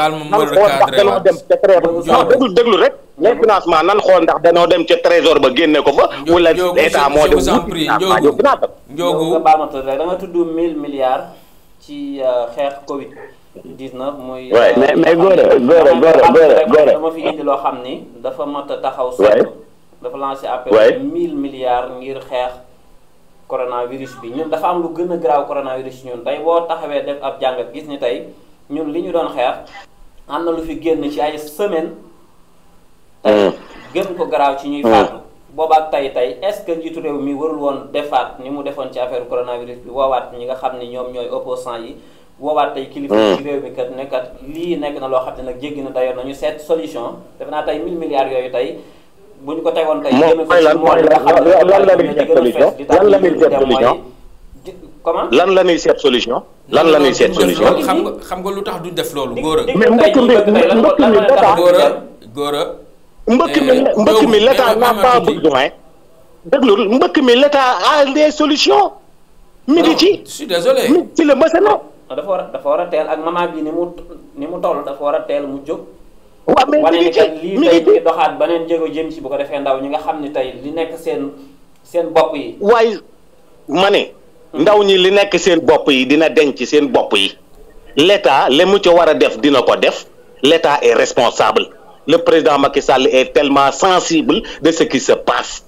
nan xool ndax danoo dem ca trésor ba génne ko fa wala état moo dem wuti financement Ndiogou baal ma tudd rek da nga tudd mille milliards ci xeex Covid 19 muy. mais mais góor a góor a góor a góor loo xam ni dafa mat taxaw dafa lancé appel mille milliards ngir xeex coronavirus bi ñun dafa am lu gën a graaw coronavirus ñun tey woo taxawee def ab jàngat gis ni tey ñun li ñu doon xeex am na lu fi génn ci ay semaine tey hmm. gën ko garaaw ci ñuy hmm. faatu boobaak tey tey est ce que njiitu réew mi warul woon defaat ni mu defoon ci affaire coronavirus bi woowaat ñi nga xam ni ñoom ñooy opposant yi woowaat tey kilifa hmm. ci réew mi kat nekkat lii nekk na loo xam ne nag jéggi na dayoon nañu seet solution defe naa tey mille milliards yooyu tey bu ñu ko tegoon tey. moom mooy lan mooy lan lan la ñuy seet solution lan la ñuy seet solution. comment lan la ñuy seet solution. lan la ñuy seet solution. xam nga xam nga lu tax duñ def loolu. góor a mais mbëkk mi mbëkk mi l'état góor a góor a. mbëkk mi mbëkk mi l'état n'a pas besoin. déglul mbëkk mi l'état a des solutions. mi ngi ci. je suis désolé mi ci la mësa na. dafa war a dafa war a teel ak maman bi ni mu ni mu toll dafa war a teel mu jóg. waaw mais mi ngi ci mi ngi ci doxaat beneen jéego jëm ci bu ko defee ndaw ñi nga xam ne tey li nekk seen seen bopp yi. waaye ma ne. Hmm. ndaw ñi li nekk seen bopp yi dina denc seen bopp yi l'État li mu ci war a def dina ko def l'État est responsable le président Macky Sall est tellement sensible de ce qui se passe.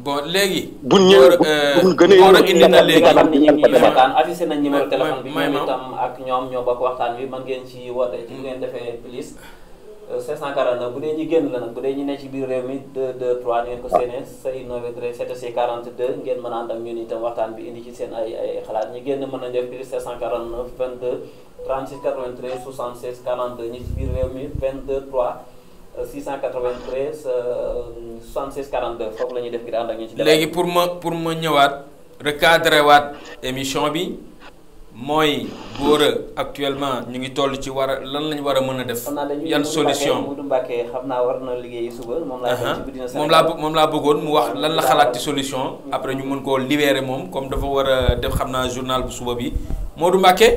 bon léegi. bu ñëwee bu euh, gën a indi na léegi ñu ngi waxtaan affiché nañ numéro téléphone bi. may ma itam ak ñoom ñoo bokk waxtaan bi mën ngeen ci woote ci ngeen defee plus. 549 bu dee ñi génn la nag bu dee ñi ne ci biir réew mi 2 2 3 ngeen ko séenee sa innovateur CTC 42 ngeen mën a ànd ak ñun itam waxtaan bi indi ci seen ay ay xalaat ñi génn mën nañ def plus 549 22 36 93 76 42 ñi ci biir réew mi 22 3 693 76 42 foofu la ñuy def ngir ànd ak ñu ci. léegi pour ma pour ma ñëwaat waat émission bi. mooy góor a actuellement ñu ngi toll ci war a lan lañ war a mën a def. yan solution moom laa uh-huh. moom laa bëggoon mu wax lan la xalaat ci solution. après ñu mën koo libérer moom comme dafa war a def xam naa journal bu suba bi Modou Mbacke.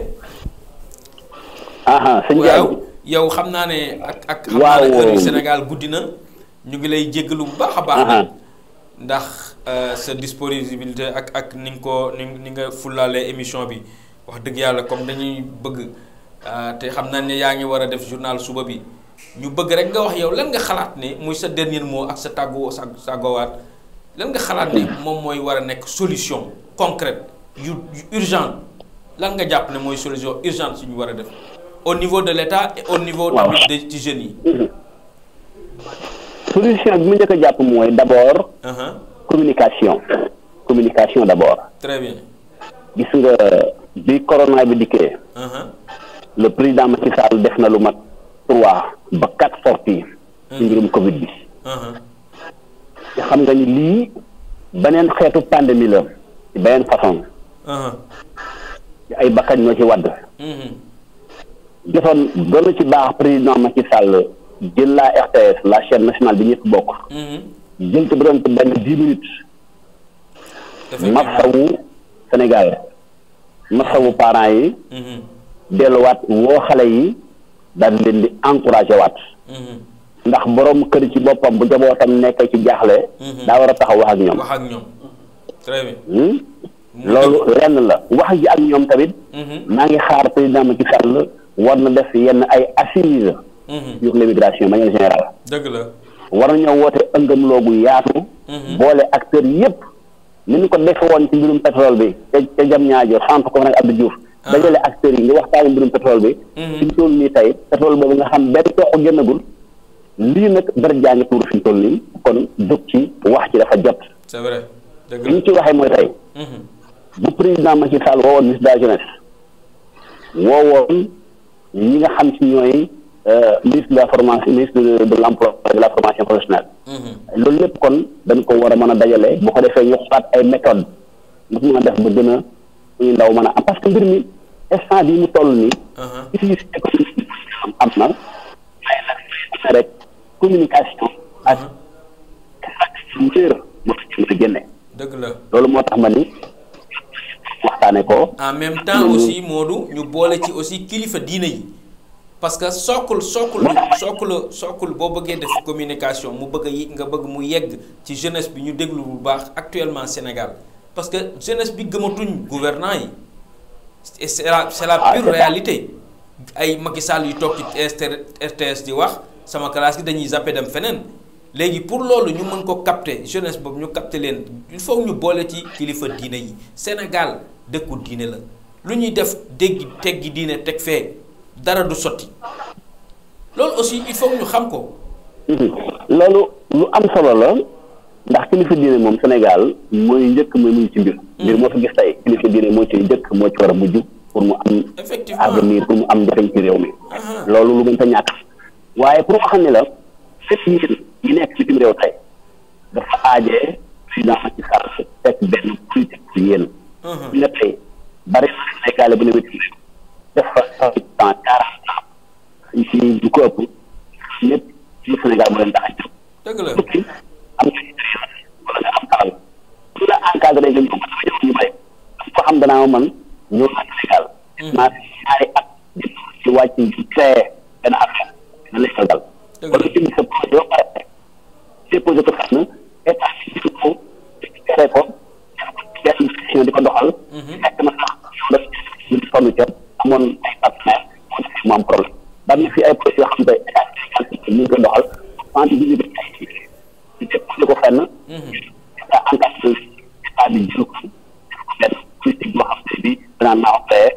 Ah, ah, sëñ waaw yow xam naa ne ak ak. xam naa ne heure Sénégal guddi na ñu ngi lay jéggalu bu baax a baax. Ah, ndax euh, sa disponibilité ak ak ni nga ko ni nga fullaalee émission bi. wax dëgg yàlla comme dañuy bëgg ah, te xam naa ni yaa ngi war a def journal suba bi ñu bëgg rek nga wax yow lan nga xalaat ne muy sa dernier mot ak sa tàggoo sa tàggoowaat lan nga xalaat ne moom mooy war a nekk solution concret yu urgent lan nga jàpp ne mooy solution urgente si ñu war a def au niveau de l'État et au niveau tamit de ci jeunes yi solution bi mu njëkk a jàpp mooy d'abord uh-huh. communication communication d'abord très bien gis nga bi corona bi dikkee. Uh-huh. le président Macky Sall def na lu mat trois ba quatre sorties. ci uh-huh. mbirum Covid bi. Uh-huh. te xam nga ni lii beneen xeetu pandémie la ci beneen façon. ay bakkan ñoo ci wadd. Mm-hmm. defoon doon ci baax président Macky Sall jël laa RTS la chaîne nationale bi ñëpp bokk. Mm-hmm. jël ci ba doon ci benn dix minutes. masawu Sénégal. masawu parent yi. Mhm. delluwaat woo xale yi daal leen di encouragé waat. Mhm. ndax boroom kër ci boppam bu njabootam nekkee ci jaaxle. Mhm. daa war a taxaw wax ak ñoom. wax ak hmm? loolu lenn la wax ji ak ñoom tamit. maa ngi xaar président ci Sall war na def yenn ay assises. yu l'immigration manière générale. dëgg la war nañoo woote ëngam loogu yaatu. boole acteurs yépp ni ñu ko defe woon ci mbirum pétrole bi te te jam ñaajo sant ko nag Abdou Diouf ah. dajale acteurs yi nga waxtaane mbirum pétrole bi mhm. fi ñu toll nii tey pétrole boobu nga xam benn toq génnagul lii nag dara jaa ngi tuur fi ñu toll nii kon jóg ci wax ci dafa jot c'est vrai dëgg ci waxee mooy tey mhm. bu président ci Sall woowoon ministre de la jeunesse woowoon ñi nga xam ci ñooy ministre euh, de la formation ministre de l'emploi de la formation professionnelle. Mhm. loolu lépp kon dañ ko war a mën a dajale boo ko defee ñu xaat ay méthodes lu mën a def ba gën a suñu ndaw mën a am parce que mbir mi instant bii mu toll nii. Mhm. gis-gis économique am na waaye mhm. dëgg la loolu moo tax ma ni waxtaane ko. en même temps aussi Modou ñu boole ci aussi kilifa diine yi. parce que sookul sookul sookul sookul boo bëggee def communication mu bëgg yi nga bëgg mu yegg ci jeunesse bi ñu déglu bu baax actuellement Sénégal parce que jeunesse bi gëmatuñ gouvernant yi et c'est la ah, réalité ay Macky Sall yu toog RTS di wax sama classe gi dañuy zappé dem feneen léegi pour loolu ñu mën ko capter jeunesse boobu ñu capter leen il faut ñu boole ci kilifa diine yi Sénégal dëkku diine la lu ñuy def dégg teggi diine teg fee dara du sotti loolu ko. Mhm. loolu lu am solo la ndax kilifa diine moom Sénégal mooy njëkk mooy mujj ci mbir. Mhm. mbir moo fi gis tey kilifa diine moo ci njëkk moo ci war a mujj pour mu am. effectivement avenir pour mu am njëriñ ci réew mi. loolu lu mënta ñàkk. waaye pour wax ne la fépp nit nekk ci réew tey dafa aajee président Macky Sall fekk benn politique ci yéen. bu ne tey bari na bu ne wetu def fa soixante ans quarante ans ci du ko ëpp lépp ci Sénégal moo leen tax a jóg. dëgg la tukki am na wala nga am alal su la encadré nga ñëw parce que ñëw ñu bëri ko xam danaa man ñëw naa Sénégal. maa fi ñaari at ci wàcc ci créé benn affaire na lay sagal. dëgg la kon indi sa projet ba pare déposé ko xam na état bi gis ko créé ko def ko gestion di ko doxal. fekk na sax yow dafa gis ñu sonn amoon ay partenaires moo am problème ba am na fi ay projets yoo xam ne ñu ngi koy doxal sensibiliser ñu déposé ko fenn. état encadré état bi jël ko benn politique boo xam ne bii danaa naaw fee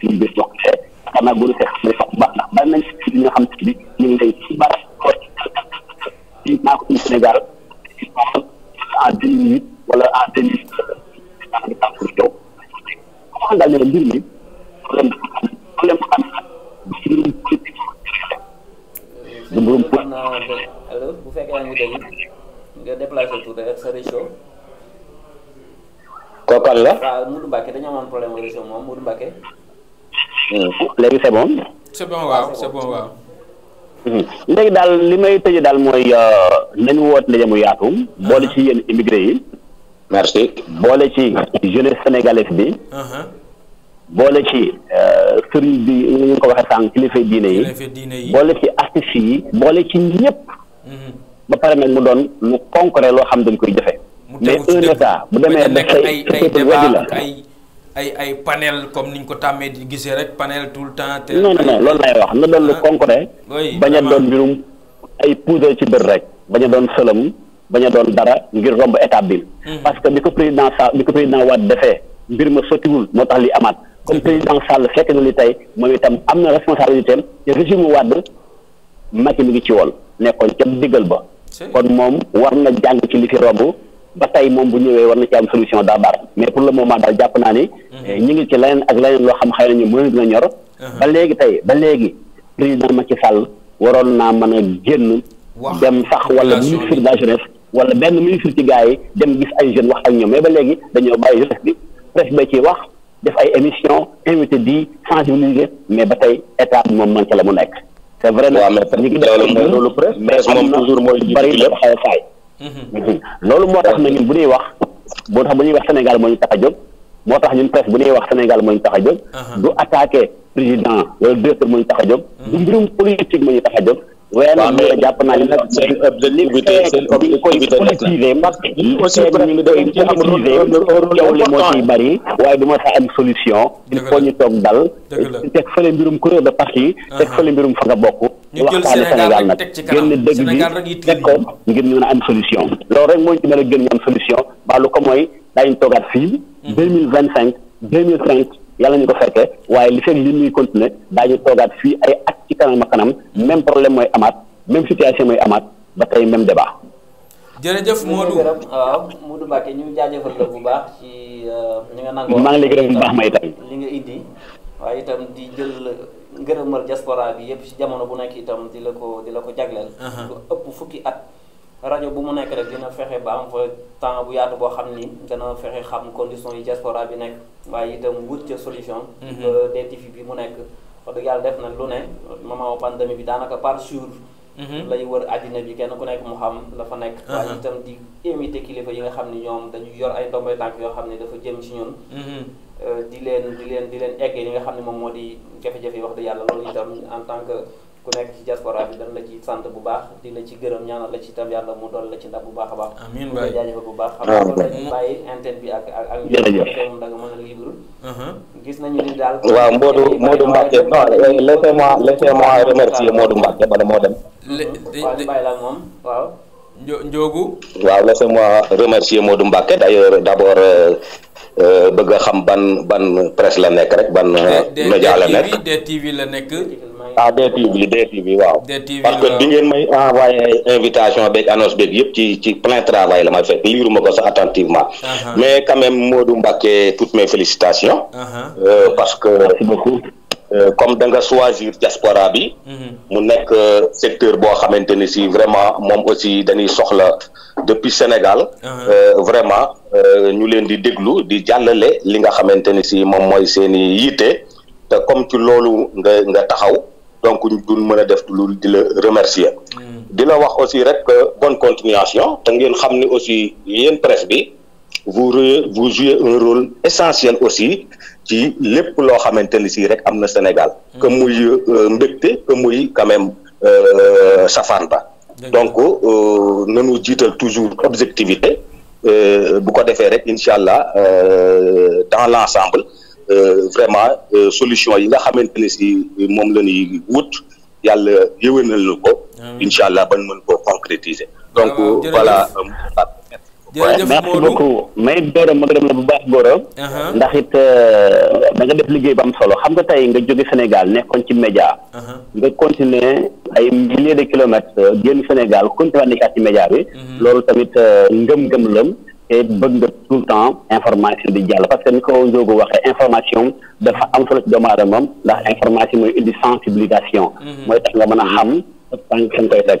suñu bés boo xam ne yaakaar naa góor see xam ne sax bu baax ndax bari nañ si li nga xam ne bii ñu ngi lay ci bari xool ci naa ko ci Sénégal ci en deux minutes wala en deux minutes. daanaka tàmbali coow xam nga daal ne mbir mi. problème problème bu am bu fekkee yaa ngi dégg nga déplacé tout rek sa réseau. kookal la waaw Modou Mbacke dañoo amoon problème mu réseau moom Modou Mbacke. Hmm, léegi c'est bon. c'est bon waaw c'est bon waaw. Hmm, léegi daal li may tëjee daal mooy euh, nañu woote yaatu. Uh-huh. boole ci yéen immigré yi. merci boole ci jeunesse bi. Uh-huh. boole ci euh, sëriñ bi ni ñu ko waxee sànq kilifa diine yi boole ci artistes yi boole ci ñëpp mhm. ba pare nag mu doon lu concret loo xam dañ koy jëfe mais un état bu demee de say sa peuple la ay ay panel comme niñ ko tàmmee di gisee rek panel tout le temps. te non loolu lay wax na doon lu concret. Ah. bañ a doon mbirum ay puudar ci bër rek. bañ a doon sëlëm bañ doon dara ngir romb étape bi. Mhm. parce que bi ko président sa bi ko président Wade defee. mbir ma fëtiwul moo tax li amaat comme mhm. président Sall fekk na li tey moom itam am na responsabilité am te régime Wade Macky mi ngi ci woon nekkoon ca diggal ba kon moom war na jàng ci li fi romb ba tey moom bu ñëwee war na ci am solution daa baar mais pour le moment daal jàpp naa ni mhm. eh, ñu ngi ci leneen ak leneen loo xam xëy na ñu mën dina ñor mhm. ba léegi tey ba léegi président Macky Sall waroon naa mën a génn dem sax wala ministre de la jeunesse wala benn ministre yi dem gis ay jeunes wax ak ñoom mais ba léegi dañoo bàyyi jeunesse bi presse ba ci wax def ay émission invité di sensibiliser mais ba tey état bi moom man ca la mu nekk. c' est vrai nag ñu ngi def loolu presse mhm. loolu moo tax na bu ñuy wax boo tax bu ñuy wax Sénégal moo ñu tax a jóg moo tax ñun presse bu ñuy wax Sénégal moo ñu tax a jóg. du attaqué président wala directeur moo tax a jóg. Mhm. du mbirum politique moo ñu tax a jóg. waaye nag ñu ngi jàpp naa ne nag seen objectivité seen objectivité nag aussi moo ciy bëri waaye du ma tax am solution il faut ñu toog dal teg fële mbirum kuréel de parti teg fële mbirum fa nga bokk ñu waxtaane Sénégal nag génn dëgg bi teg ko ngir ñu mën a am solution loolu rek moo ñu ci mën a gën am solution ba lu ko mooy daañu toogaat fii hmm. deux mille vingt cinq deux mille yàlla ñu ko fekkee waaye li fekk li muy continuer daañu toogaat fii ay at ci kanam a kanam même problème mooy amaat même situation mooy amaat ba tey même débat. jërëjëf Modou a Modou Mbacke ñu jaajëfal la bu baax ci ñi euh, nga maa ngi lay gërëm bu baax may itam li nga indi waaye itam di jël ngërëmal diaspora bi yëpp ci jamono bu nekk itam di la ko di la ko jagleel. lu ëpp fukki at. rajo bu mu nekk rek dina fexe ba am fa temps bu yaatu boo xam ni dana fexe xam condition yi diaspora bi nekk waaye itam wut ca solution. Mhm. ba DTV bi mu nekk wax dëgg yàlla def na lu ne moment pandémie bi daanaka par jour. Mhm. lay wër àddina bi kenn ku nekk mu xam la nekk. Mhm. waaye itam di invité kilifa yi nga xam ni ñoom dañu yor ay ndombay tànk yoo xam ne dafa jëm ci ñun. Euh, di leen di leen di leen eggee li nga xam ne moom moo di jafe-jafe yi wax dëgg yàlla loolu itam en tant ku nekk ci diaspora bi dañ la ci sant bu baax di la ci gërëm ñaanal la ci itam yàlla mu doon la ci ndab bu baax a baax. amiin waay jaajëfal bu baax. xam nga dañuy bàyyi antenne bi ak ak ak. jërëjëf moom da nga mën a libre. Uh-huh. gis nañu ni daal. waaw Modou Modou Mbacke non laissez-moi laissez-moi remercier Modou Mbacke bala moo dem. waaw di bàyyi la ak moom waaw. Njo Ndiogu. waaw laissez-moi remercier Modou Mbacke d'ailleurs d'abord. Euh, euh, bëgg a xam ban ban presse la nekk rek ban. Euh, média la nekk DTV la nekk. ah DTV bi waaw. DTV parce que bi ngeen may envoyé invitation beeg annonce beeg yëpp ci ci plein la may fekk liiru ma ko sax attentivement. Uh-huh. mais quand même Modou Mbacké toutes mes félicitations. Uh-huh. Euh, parce que euh, comme da nga choisir diaspora bi. Mm-hmm. mu nekk euh, secteur boo xamante ni si vraiment moom aussi dañuy soxla depuis Sénégal. Uh-huh. vraiment ñu leen di déglu di jàllale li nga xamante ni si moom mooy seen i yiite te comme ci loolu nga nga taxaw. donc ñu duñ mën a def lu la remercier. Mm. di la wax aussi rek bonne continuation te ngeen xam ne aussi yéen presse bi vous vous jouez un rôle essentiel aussi ci lépp loo xamante ni si rek am na Sénégal. Mm. que muy euh, mbégte que muy quand même euh, safaan ba. donc euh, nanu jiital toujours objectivité bu ko defee rek incha allah dans l' ensemble. Euh, vraiment euh, solution yi nga xamante ne si euh, moom la ñuy wut yàlla yéwénal na ko. Ah incha allah ban mën ko concrétiser. Ah, donc voilà. jërëjëf merci beaucoup may Dora ma gërëm la bu baax Gora. Uh-huh. ndax it da nga def liggéey ba am solo xam nga tey nga jóge Sénégal nekkoon ci média. Uh-huh. nga continuer ay milliers de kilomètres génn Sénégal continuer nekkaat ci média bi. Uh-huh. loolu tamit ngëm-ngëm lam te bëgg tout le temps information di jàll parce que ni ko Ndiogou waxee information dafa am solo ci doomu ndax information mooy indi sensibilisation mm-hmm. mooy tax nga mën a xam tànk fi nga koy teg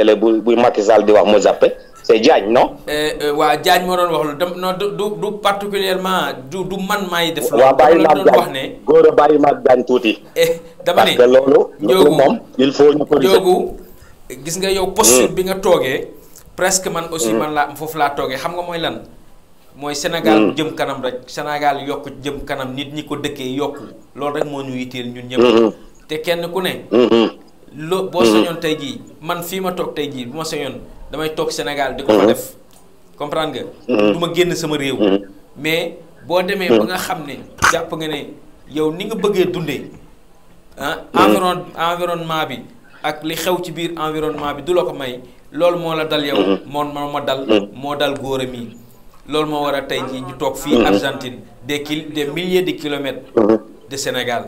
télé bu bu Macky Sall di wax mu zappe c'est Diagne non. Eh, eh, waa jaañ moo doon wax lu dem non du du particulièrement du du man maay def. waaw bàyyi ma ak Diagne góor a bàyyi ma ak Diagne tuuti. Eh, dama ne parce que moom il faut ñu ko. Ndiogou gis nga yow. posture hmm. bi nga toogee. presque man aussi hmm. man laa foofu laa toogee xam nga mooy lan. mooy Sénégal hmm. jëm kanam rek Sénégal yokk jëm kanam nit ñi ko dëkkee yokk loolu rek moo ñu yitteel ñun ñëpp. te kenn ku ne. loo boo mhm. sañoon tey jii man fii ma toog tey jii bu ma sañoon damay toog Sénégal di ko fa mhm. def comprendre nga mhm. du ma génn sama réew mais boo demee ba nga xam ne jàpp nga ne yow ni nga bëggee dundee ah environ environnement bi ak li xew ci biir environnement bi du la ko may loolu moo la dal yow moom ma dal moo dal góor a loolu moo war a tey jii ñu toog fii Argentine de kil des milliers de kilomètres de Sénégal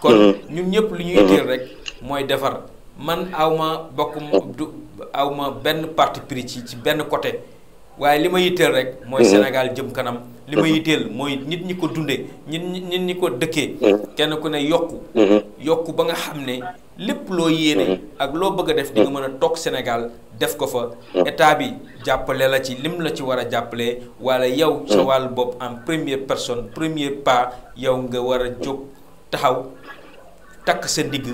kon ñun ñëpp lu ñuy teel rek mooy defar man awma bokk du awma benn parti pris ci ci benn côté waaye li ma yitteel rek mooy mhm. Sénégal jëm kanam li ma mhm. yitteel mooy nit ñi ko dundee nit ñi nit ñi ko dëkkee mhm. kenn ku ne yokku yokku ba nga xam ne lépp loo yéene ak loo bëgg a def di nga mën a toog Sénégal def ko fa état bi jàppale la ci lim la ci war a jàppalee wala yow sa wàllu bopp en première personne première pa yow nga war a jóg taxaw takk sa ndigg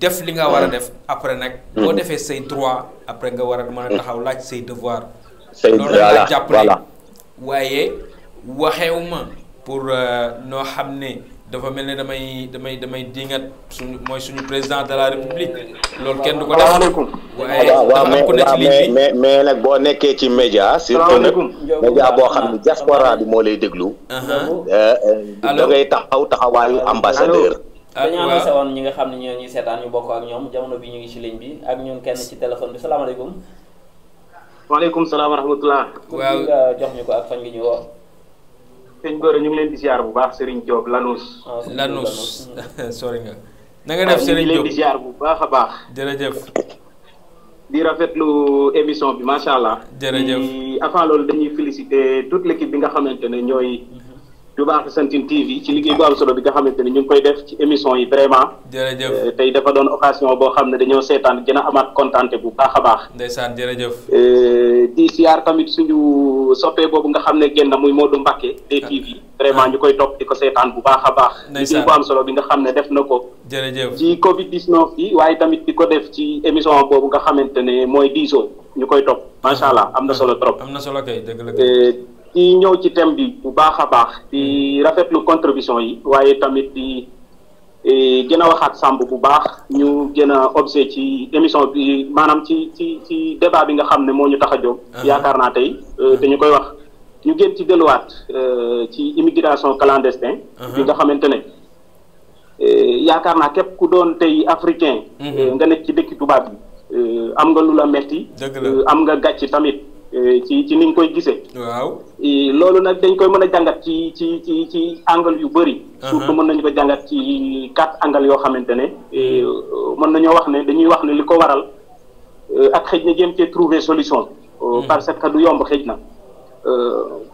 def li nga war a mm. def après nag. boo mm. defee say droit après nga war a mën a mm. taxaw laaj say devoir. say loolu jàpp jàppale waaye waxewuma pour euh, noo xam ne dafa mel ne damay damay damay dingat suñu mooy suñu président de la république. loolu kenn du ko def waaye dafa am ku ne ci ligne mais mais nag boo nekkee ci média surtout nag média boo xam ne diaspora bi moo lay déglu. Uh-huh. Euh, euh, da ngay taxaw taxawaayu ambassadeur. Ah, dañoo annoncé woon ñi nga xam ne ñoo ñuy seetaan ñu bokk ak ñoom jamono bi ñu ngi ci ligne bi ak ñun kenn ci téléphone bi salaamaaleykum. waaleykum salaam wa rahmatulah. waaw nga jox ñu ko ak fan ngi ñu woo. sëñ Gora ñu ngi leen di ziar bu baax Serigne Diop Lanus. Lanus sori nga. na nga ah, def Serigne Diop bu baax a baax. jërëjëf. di rafetlu émission bi macha allah. jërëjëf di avant loolu dañuy féliciter tout l'équipe bi nga xamante ne ñooy. Mm-hmm. Touba Argentine TV ci liggéey bu am solo bi nga xamante ne ñu ngi koy def ci émission yi vraiment. jërëjëf euh, tey dafa doon occasion boo xam ne dañoo seetaan gën a amaat kontante bu baax a baax. ndeysaan jërëjëf. Euh, di siyaar tamit suñu soppee boobu nga xam ne génn muy moo Modou Mbacké DTV. vraiment ñu koy topp di ko seetaan bu baax a baax. liggéey bu am solo bi nga xam ne def na ko. jërëjëf ci Covid 19 bi waaye tamit di ko def ci émission boobu nga xamante ne mooy diisoo ñu koy topp macha am na solo trop. am na solo kay ci ñëw ci thème bi bu baax a baax di rafetlu contribution yi waaye tamit di eh, gën a waxaat sàmb bu baax ñu gën a objet ci émission bi maanaam ci ci ci débat bi nga xam ne moo ñu tax a jóg ah. yaakaar naa tey te euh, ah. ñu koy wax ñu gën ci delluwaat euh, ci immigration clandestine ah. bi nga xamante ne eh, yaakaar naa képp ku doon tey africain mm-hmm. eh, nga nekk ci dëkki tubaab bi euh, am nga lu la metti am nga gàcc tamit Eh, ci ci ni koy gisee. waaw loolu nag dañ koy mën a jàngat ci ci ci ci angle yu bëri. surtout mën nañu ko jàngat ci quatre angle yoo xamante ne. Eh, mën nañoo wax ne dañuy wax ne li ko waral eh, ak xëj na jéem cee trouver solution. Hmm. Oh, parce que du yomb xëj na.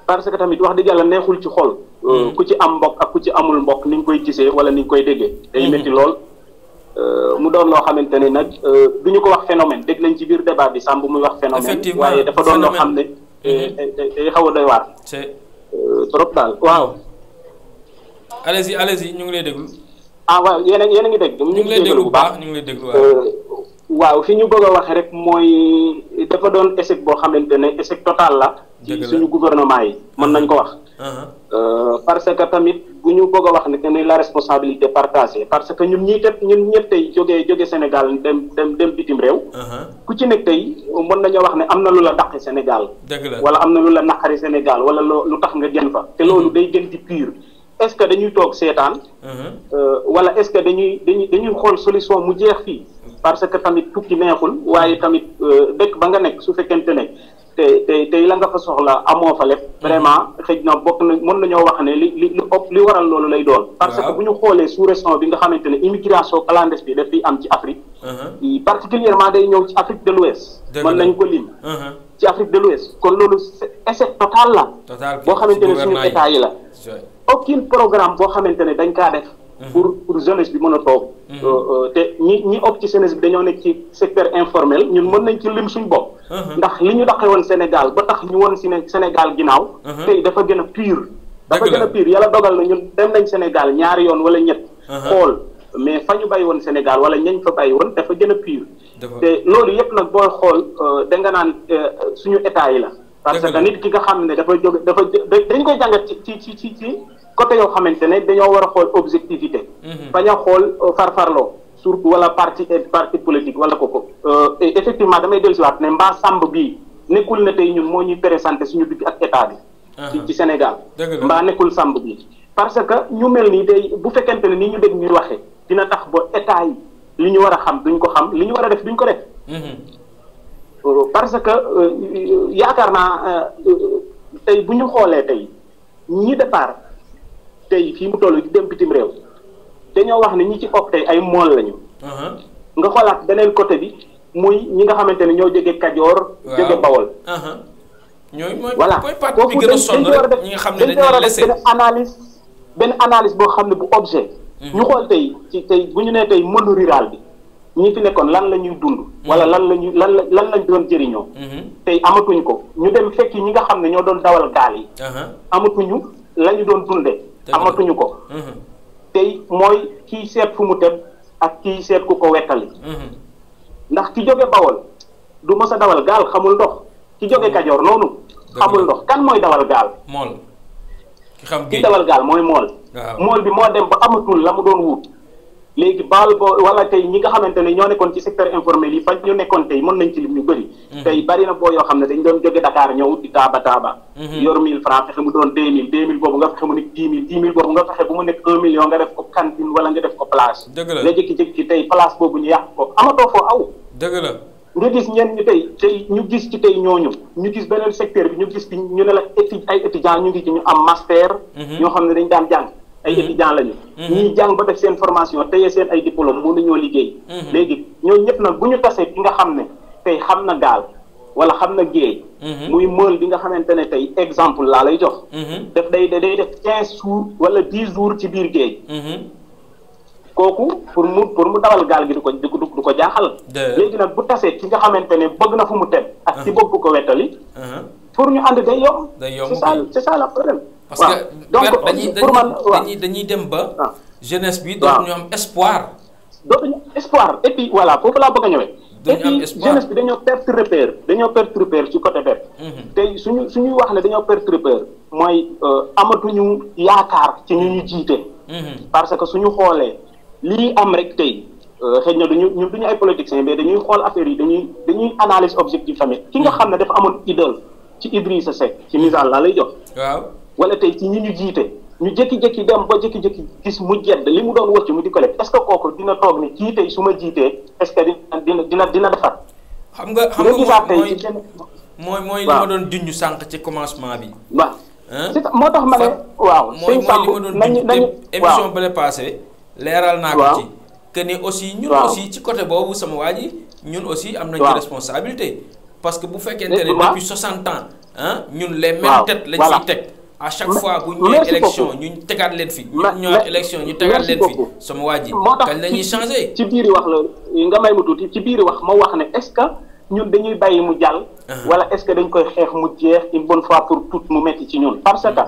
parce que tamit wax di yàlla neexul ci xol. Hmm. ku ci am mbokk ak ku ci amul mbokk ni koy gisee wala ni koy déggee. Hmm. day métti lool. Euh, mu doon loo xamante ne nag euh, du ñu ko wax phénomène dégg nañ ci biir débat bi sàmm muy wax phénomène. effectivement waaye dafa doon loo xam ne. day xaw a doy waar. c'est euh, trop daal waaw. allez-y allez-y ñu ngi lay déglu. ah waaw yéen a yéen a ngi dégg. ñu ngi lay déglu bu baax ñu ngi lay déglu waaw. waaw fi ñu bëgg a waxee rek mooy dafa doon échec boo xamante ne esec total la. ci suñu gouvernement yi mën nañ ko wax. Uh-huh. Euh, parce que tamit bu ñu bëgg a wax ne que ni la responsabilité partagée parce que ñun ñii kat ñun ñëpp tey jógee joge Sénégal dem dem dem bitim réew. Uh-huh. ku ci nekk tey mën nañoo wax ne am na lu la daq Sénégal. wala am na lu la naqari Sénégal wala lu tax nga génn fa te uh-huh. loolu day gën di pire. est-ce que dañuy toog seetaan. Mhm. Euh, wala est-ce que dañuy dañuy dañuy xool solution mu jeex fii. parce que tamit tukki neexul waaye tamit euh, dëkk ba nga nekk su fekkente ne te te tey la nga fa soxla amoo fa lépp. Mhm. vraiment xëj na bokk na mën nañoo wax ne li li li ëpp waral loolu lay doon. parce que bu ñu xoolee sous-région bi nga xamante ne immigration clandestine bi daf fiy am ci Afrique. Mhm. particulièrement day ñëw ci Afrique de l'Ouest. mën nañ ko lim. ci Afrique de l'Ouest kon loolu échec total la. total boo xamante ne suñu la. aucun programme boo xamante ne dañ kaa def. Mhm. pour pour jeunesse bi mën a toog. Mhm. Euh, euh, te ñi ñi ëpp ci jeunesse bi dañoo nekk ci secteur informel ñun mën nañ ci lim suñ bopp. Mhm. ndax li ñu daqe woon Sénégal ba tax ñu woon Sénégal ginnaaw. tey dafa gën a piir dafa gën a dogal na ñun dem nañ Sénégal ñaari yoon wala ñett. xool mais fa ñu bàyyi woon Sénégal wala ñañ fa bay woon dafa gën a pire. te loolu yëpp nag booy xool euh, da nga naan suñu état yi la. parce que nit ki nga xam ne dafa jóg dafa dañ koy jàngat ci ci ci ci ci côté yoo xamante ne dañoo war a xool objectivité mhm. bañ a xool euh, farfarloo surtout wala parti et parti politique ko kooku euh, effectivement damay dellusiwaat ne mbaa sàmb bii nekkul na tey ñun moo ñuy présenté suñu digg ak état bi ci Sénégal mbaa nekkul sàmb bii parce que ñu mel nii day bu fekkente ne ni ñu dégg ñuy waxee dina tax ba état yi li ñu war a xam duñ ko xam li ñu war a def duñ ko def mhm. parce que euh, yaakaar naa euh, euh, tey bu ñu xoolee tey ñi départ tey fii mu toll dem bitim réew dañoo wax ne ñi ci ëpp tey ay mool lañu. Uh-huh. nga xoolaat beneen côté bi muy ñi nga xamante ne ñoo jóge Kajoor. waaw jóge Bawol. Uh-huh. ñooy mooy mooy partie bi gën a sonn ñi nga xam ne dañu war a def benn analyse benn analyse boo xam ne bu objet. Uh-huh. ñu xool tey ci tey bu ñu nee tey monde rural bi. ñi fi nekkoon lan la ñuy dund. Mm-hmm. wala lan la ñuy lan la lan lañ doon jëriñoo. Mm-hmm. tey amatuñu ko ñu dem fekki ñi nga xam ne ñoo doon dawal gaal yi. Uh-huh. amatuñu la doon dunde amatuñu ko. Mm-hmm. tey mooy kii seet fu mu dem ak kii seet ku ko wettali. ndax ki jóge Bawol du mës a dawal gaal xamul ndox ki jóge Kajoor noonu. xamul ndox kan mooy dawal gaal. mool ki dawal gaal mooy mool. mool bi moo dem ba amatul la mu doon wut. léegi baal bo wala tey ñi nga xamante ne ñoo nekkoon ci secteur informel yi fa ñu nekkoon tey mën nañ ci lim ñu bëri mhm. tey bari na boo yoo xam ne dañ doon jóge Dakar ñëw di taaba taaba mhm. yor mille francs fexe mu doon deux mille deux mille boobu nga fexe mu nekk dix mille boobu nga fexe bu mu nekk un million nga def ko cantine wala nga def ko place nga jékki-jékki tey place boobu ñu yàq ko amatoo foo aw dëgg la nga gis ñenn ñu tey ñu gis ci tey ñooñu ñu gis beneen secteur bi ñu gis bi ñu ne la étude ay ñu ngi ci ñu am master mhm. ñoo xam ne dañ daan jàng ay mhm. étudiants lañu. Mhm. ñuy jàng ba def seen formation téye seen ay moom diplôme mënuñoo liggéey. Mhm. léegi ñooñu ñëpp nag bu ñu tasee ki nga xam ne tey xam na gaal wala xam na géej. muy mël bi nga xamante ne tey exemple laa lay jox. daf day day def quinze jours wala dix jours ci biir géej. kooku pour mu pour mu dawal gaal gi du ko du du ko jaaxal. léegi nag bu tasee ki nga xamante ne bëgg na fu mu teg. ak ci bëgg ko wettali. pour ñu ànd day yomb. day yomb c'est ça c'est parce que donc dañuy dañuy dañuy dem ba. Ah. jeunesse bi. waaw dootuñu am espoir. dootuñu espoir et puis voilà foofu laa bëgg a ñëwee. dañu am espoir et puis jeunesse bi dañoo perte dañoo perte ci côté bépp. Mhm. tey suñu suñuy wax ne dañoo perte repère mooy euh, amatuñu yaakaar ci ñu ñu jiite. Mhm. parce que suñu xoolee lii am rek tey euh, xëy na duñu ñun duñu ay politiciens mais dañuy xool affaire yi dañuy dañuy analyse objectif tamit ki nga mhm. xam ne dafa amoon idole ci Idrissa Seck ci misaal laa lay jox. wala tey ci ñi ñu jiite ñu jékki-jékki dem ba jékki-jékki gis mu jedd li mu doon wëcc mu di ko lekk est que kooku dina toog ni kii tey su ma jiitee est-ce que dina dina dina defar. xam nga xam nga mooy mooy mooy li ma doon junj sànq ci commencement bi. waaw moo tax ma ne. waaw sëñ Samb nañu nañu émission bële passé leeral naa ko ci. que ni aussi ñun aussi ci côté boobu sama waa yi ñun aussi am nañ ci responsabilité. parce que bu fekkee ne depuis 60 ans ah ñun les mêmes têtes lañ ciy teg. à chaque fois bu ñu ñëwee élection ñu tegaat leen fi. ñu ñëwaat élection ñu tegaat leen fi. sama waa ji kañ la ñuy changé. ci biir wax la nga may mu tuuti ci biir wax ma wax ne est-ce que ñun dañuy bàyyi mu jàll. Uh-huh. wala est-ce que dañ koy xeex mu jeex une bonne fois pour toutes mu metti ci ñun. parce que mm.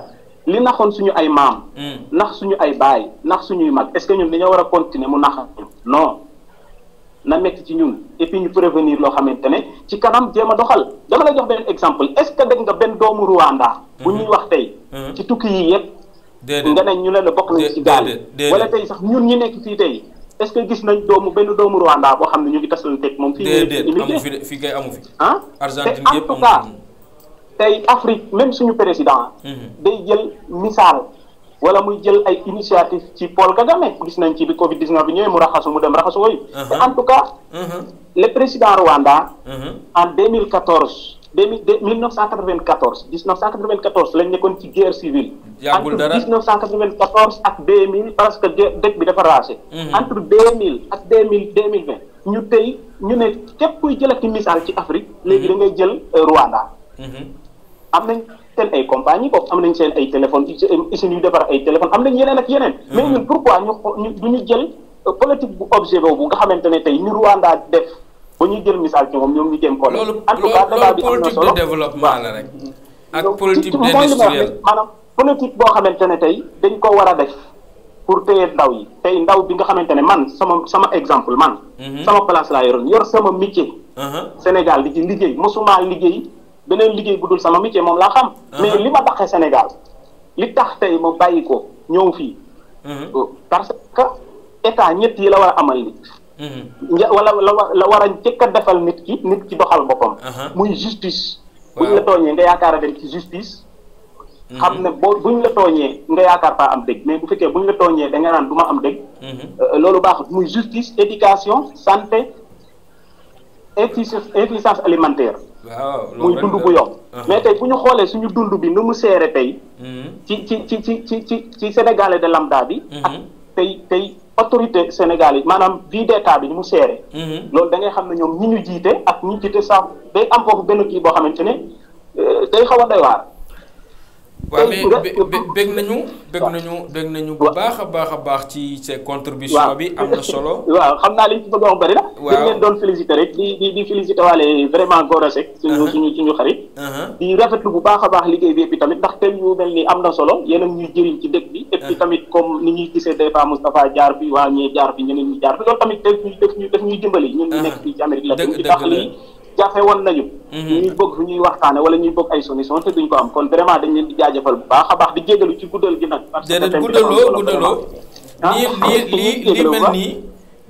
li naxoon suñu ay maam. Mm. nax suñu ay baay nax suñuy mag est-ce que ñun dañoo war a continuer mu naxal non. na nekk ci ñun et puis ñu prévenir loo xamante ne ci kanam jéem a doxal dama la jox benn exemple est-ce que dégg nga benn doomu Rwanda. bu mhm. ñuy wax tey. Mhm. ci tukki yi yëpp. déedéet nga ne ñu ne la bokk nañu ci gaal yi wala tey sax ñun ñu nekk fii tey est-ce que gis nañ doomu benn doomu Rwanda boo xam ne ñu ngi tasal teg moom. fii nii amu fii kay fi. ah Argentine yëpp tey Afrique même suñu président. Mhm. day jël misaal. wala muy jël ay initiative ci Paul Kagame gis nañ ci bi Covid 19 bi ñëwee mu raxasu mu dem raxasu wooyu te uh-huh. en tout cas. Uh-huh. le président Rwanda. Uh-huh. en 2014. mille deux mille neuf cent quatre vingt quatorze dix neuf cent quatre vingt quatorze lañ nekkoon ci guerre civile. yàggul dara entre dix neuf cent quatorze ak que dëkk bi dafa raase. entre deux mille ak deux mille deux mille ñu tey ñu ne képp kuy jëlati misaal ci Afrique. léegi da ngay jël euh, Rwanda. am nañ seen ay compagnie ko am nañ seen ay téléphone usines yu defar ay téléphone am nañ yeneen ak yeneen mm-hmm. mais ñun pourquoi ñu du ñu jël euh, politique bu objet boobu nga xamante ne tey ni Rwanda def ba ñuy jël misaal ci moom ñoom ñu jéem ko loolu en tout cas débat bi am na solo développement la rek ak politique d'industriel boo xamante ne tey dañ ko war a def pour téye ndaw yi tey ndaw bi nga xamante ne man sama sama exemple man mm-hmm. sama place laa yoroon yor sama métier uh-huh. Sénégal di ci liggéey mosumaa liggéey beneen liggéey bu dul sama métier moom laa xam. Uh-huh. mais li ma baqee Sénégal li tax tey ma bàyyi ko ñëw fii. Uh-huh. Euh, parce que état ñett yi la war a amal nit. Uh-huh. nja wala la war a njëkk a defal nit ki nit ki doxal boppam. muy justice. buñ la tooñee nga yaakaar a dem ci justice. xam ne boo buñ la tooñee nga yaakaar faa am dëgg mais bu fekkee buñ la tooñee da nga naan duma am dëgg. Euh, loolu baaxut muy justice éducation santé insuffisance alimentaire. muy dund bu yomb mais tey bu ñu xoolee suñu dund bi nu mu seere tey hmm. ci ci ci ci ci ci ci sénégalais de lambda bi hmm. ak tey tey autorité sénégal yi maanaam vie d'état bi mu seere hmm. loolu da ngay xam ne ñoom ñi ñu jiite ak ñi jiite sax day am foofu benn kii boo xamante ne euh, day xaw a doy waaw mais bég nañu bég nañu bég nañu bu baax a baax a baax ci sa contribution bi am na solo [laughs] waaw xam naa liñ ci bëgg a wax bëri na dañ doon félicité rek di di di félicité waale vraiment Gora Seck ñu uh-huh. suñu suñu xarit uh-huh. di rafetlu bu baax a baax liggéey bi et puis tamit ndax tey yu mel ni am na solo yeneen a ñuy jëriñ ci dëkk bi et uh-huh. tamit comme ni ñuy gisee des fois Moustapha jaar bi waa ñee jaar bi ñeneen ñi jaar bi loolu tamit def ñuy def ñuy def dimbali ñun ñu nekk fii ci Amérique latine di tax jafe woon nañu mhm. ñuy bëgg ñuy waxtaane wala ñuy bëgg ay solution te duñ ko am kon vraiment dañ leen di jaajëfal bu baax a baax di jégalu ci guddal gi nag parce que guddaloo guddaloo lii lii ah, lii li mel nii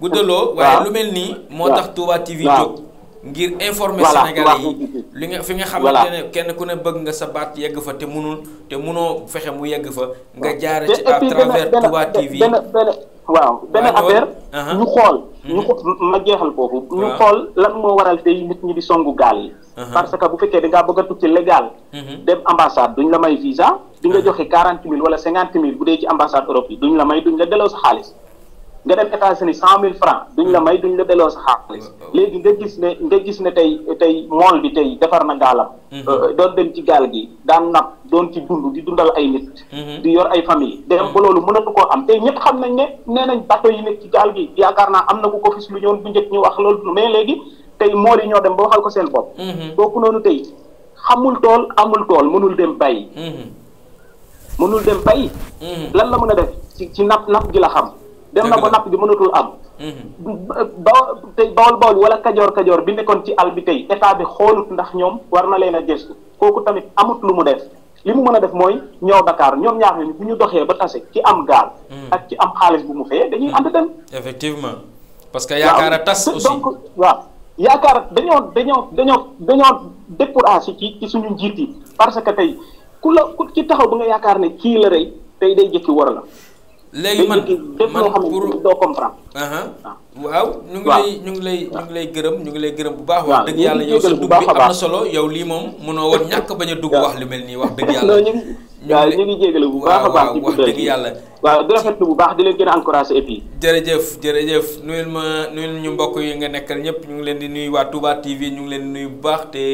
guddaloo ah, waaye lu mel nii moo tax Touba TV jóg ngir informer Sénégalais yi li nga fi nga xamante ne kenn ku ne bëgg nga sa baat yegg fa te munul te munoo fexe mu yegg fa nga jaare ci à travers TV waaw benn affaire uh-huh. ñu xool ñu mm-hmm. ma jeexal foofu ñu xool lan moo waral tey nit ñi di songu gaal yi uh-huh. parce que bu fekkee da ngaa bëgg ci tukki légal mm-hmm. dem ambassade duñ la may visa di nga uh-huh. joxe quarante mille wala cinquante mille bu dee ci ambassade Europe yi duñ la may duñ la delloo sa xaalis nga dem États-Unis cent mille francs duñ la mm-hmm. may duñ la delloo sa xaalis léegi nga gis ne nga gis ne tey tey mool bi tey defar na gaalam euh, doon dem ci gaal gi daan napp doon ci dund di dundal ay nit. Mhm. di yor ay famille dem ba mhm. loolu mënatu koo am tey ñëpp xam nañ ne nee nañ bateau yi nekk ci gaal gi yaakaar naa am na ku ko fis lu ñëwoon bu ñu wax loolu mais léegi tey mool yi ñoo dem ba ko seen bopp. Mhm. kooku noonu tey xamul tool amul tool mënul dem bay. mënul dem bay. lan la mën a def ci ci napp napp gi la xam. dem na ba napp gi mënatul am. ba tey bawol wala kajoor kajoor bi nekkoon ci àll bi tey état bi xoolut ndax ñoom war na leen a gëstu kooku tamit amut lu mu def. li mu mën a def mooy ñëw Dakar ñoom ñaar ñooñu bu ñu doxee ba tase ci am gaal. Hmm. ak ci am xaalis bu mu fayee dañuy ànd dem. effectivement parce que yaakaar a tas aussi yaakaar dañoo dañoo dañoo dañoo découragé ci ci suñu njiit yi parce que tey ku la ku ci taxaw ba nga yaakaar ne kii la rey tey day jëkki war la. léegi man man pour doo comprendre. Ah. waaw ñu ngi lay ñu ngi lay ñu lay gërëm ñu ngi lay gërëm bu baax. wax dëgg yàlla yow sa dugg bi am na solo yow lii moom mënoo woon ñàkk bañ a dugg [laughs] wax lu mel nii wax dëgg yàlla. waaw ñu ngi jégalu bu baax a baax ci wax dëgg yàlla waaw di bu baax di leen gën a encouragé jërëjëf jërëjëf nuyul ma nuyul ñu mbokk yi nga nekkal ñëpp ñu ngi leen di nuyu waa Touba TV ñu ngi leen di nuyu bu baax te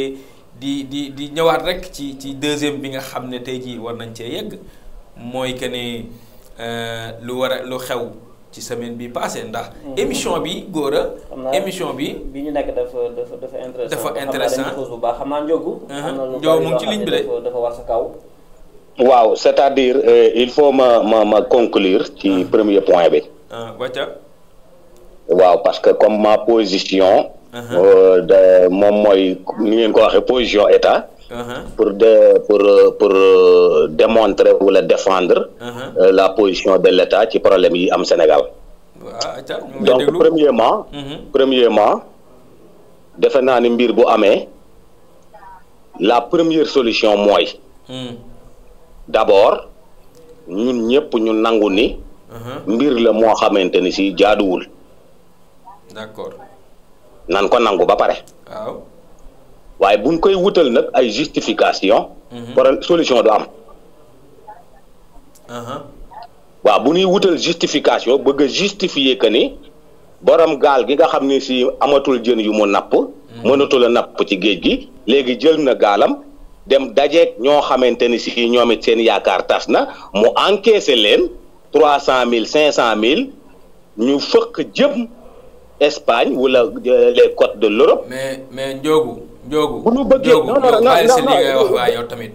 di di di ñëwaat rek ci ci deuxième bi nga xam ne tey jii war nañ cee yëg mooy que ne Euh, lu war a lu xew ci semaine bi passé ndax. Mhm. émission bi góor émission bi bi ñu nekk dafa dafa dafa intéressant dafa intéressant bu baax xam naa njóogu. Mhm. njóogu ci ligne bi de dafa war sa kaw. waaw c'est-à-dire euh, il faut ma ma ma conclure ci mhm. premier point bi. Ah, waaw parce que comme ma position. Euh, de moom mooy ni ngeen ko waxee position état. Uh-huh. pour de pour pour euh, démontrer wala défendre uh-huh. euh, la position de l'État ci problème yi am Sénégal donc premièrement uh-huh. premièrement defe naa ni mbir bu amee la première solution mooy hmm. d'abord ñun ñëpp ñu nangu ni mbir la moo xamante ni si jaaduwul d'accord nan ko nangu ba pare waaw waaye buñ koy wutal nag ay justification pour mhm. solution du am uh-huh. waaw bu ñuy wutal justification bëgg a justifier que ni borom gaal gi nga xam ne si amatul jën yu mu napp mhm. mënatul a napp ci géej gi léegi jël na gaalam dem dajeek ñoo xamante ni si ñoom it seen yaakaar tas na mu encaissé leen trois cent mille cinq cent mille ñu fëkk jëm Espagne wala euh, les côtes de l'Europe mais mais Ndiogou bu nu bëggee non non non bàyyi si li ngay wax waaye yow tamit.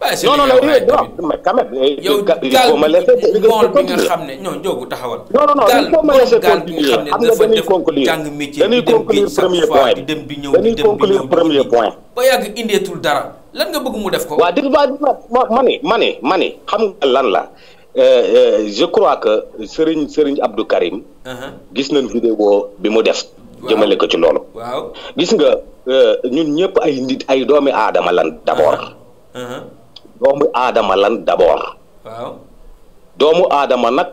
bàyyi si li ngay wax waaye tamit non non quand même. Eh, yow gaal mool bi nga xam ne non Ndiogou taxawal. non non non il faut ma laisser continuer xam ne dafa def jàng métier di dem bi chaque fois di dem bi ñëw di dem bi ñëw ba yàgg indeetul dara lan nga bëgg mu def ko. waaw dégg nga ma ne ma ne ma ne xam nga lan la. Euh, euh, je crois que Serigne Serigne Abdou Karim. Uh-huh. gis nañ vidéo bi mu def. jëmale ko ci loolu. waaw gis nga euh, ñun ñëpp ay nit ay doomi aadama lan d'abord. Uh-huh. Uh-huh. doomu aadama lan d'abord. waaw doomu aadama nag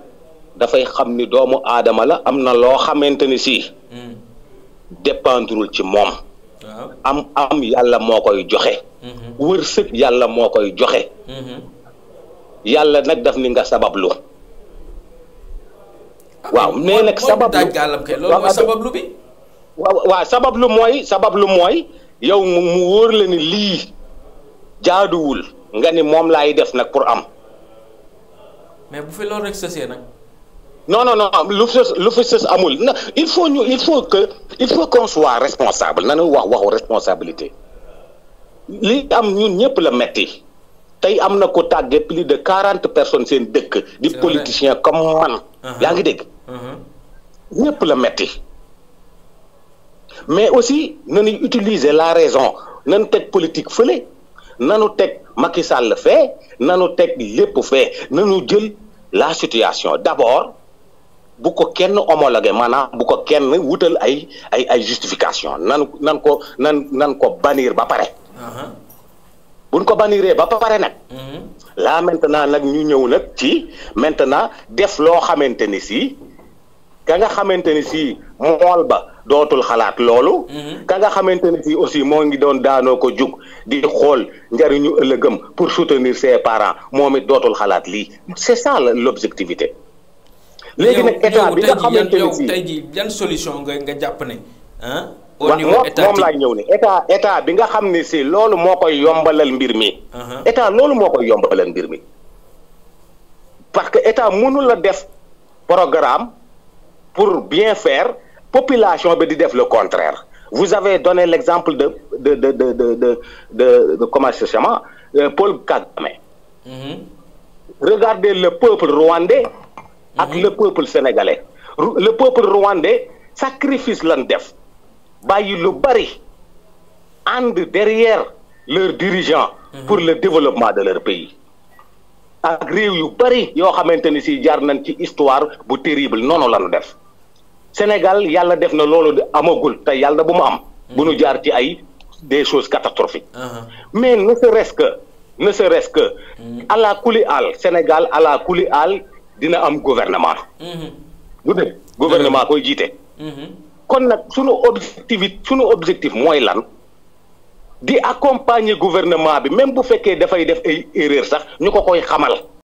dafay xam ni doomu aadama la am na loo xamante ni si. Hmm. dépendrul ci moom. am am yàlla moo koy joxe. Mm-hmm. wërsëg yàlla moo koy joxe. Mm-hmm. yàlla nag daf ni nga sabablu. Ah, waaw mais nag sabablu waaw loolu mooy sabablu bi. waaw sabab lu mooy sabab lu mooy yow mu wóor la ni lii jaaduwul nga ni moom laay def nag pour am. mais bu fi loolu rek sësee nag. non non non lu fi lu fi sës amul na il faut ñu il faut que il faut qu'on soit responsable na ñu wax waxu responsabilité li am ñun ñëpp la metti tey am na ko tàggee plus de quarante personnes seen dëkk. di politicien comme man. Uh-huh. yaa ngi dégg. Uh-huh. ñëpp la metti mais aussi nañu utiliser la raison nañ teg politique fële nanu teg Macky Sall fee nanu teg lépp fee nanu jël la situation d'abord bu ko kenn homologué maanaam bu ko kenn wutal ay ay ay justification nan nan ko nan nan ko bannir ba pare uh-huh. buñ ko banniree ba pare nag mm-hmm. là maintenant nag ñu ñëw nag ci maintenant def loo xamante ni si ka nga xamante ni si mool ba dootul xalaat loolu. Mhm. ka nga xamante ne fii aussi moo ngi doon daanoo ko jug di xool njariñu ëllëgëm pour soutenir ses parents moom it dootul xalaat lii c'est ça l'objectivité. léegi nag état bi nga xamante ne fii tey solution nga nga jàpp ne ah. au niveau étatique ñëw ne état état bi nga xam ne si loolu moo koy yombalal mbir mi. Uh-huh. état loolu moo koy yombalal mbir mi. parce que état mënu la def programme pour bien faire. population bi di def le contraire vous avez donné l'exemple de de de de de de de, de comment ça euh, Paul Kagame. Mmh. le peuple rwandais. ak mmh. le peuple sénégalais. le peuple rwandais sacrifice lan def bàyyi lu bari ànd derrière leur dirigeants. Mhm. pour le développement de leur pays. ak réew yu bari yoo xamante ni si jaar nañ ci histoire bu terrible noonu la ñu def. Sénégal yàlla def na loolu de amagul te yàlla bu mu am. bu nu jaar ci ay des choses catastrophiques. Uh-huh. mais ne serait-ce que ne serait-ce que. ala mm. kuli Sénégal ala kuli al dina am gouvernement. bu mm-hmm. dee gouvernement koy jiite. Mm-hmm. kon nag sunu objectif sunu objectif mooy lan di accompagner gouvernement bi même bu fekkee dafay def ay erreur sax ñu ko koy xamal.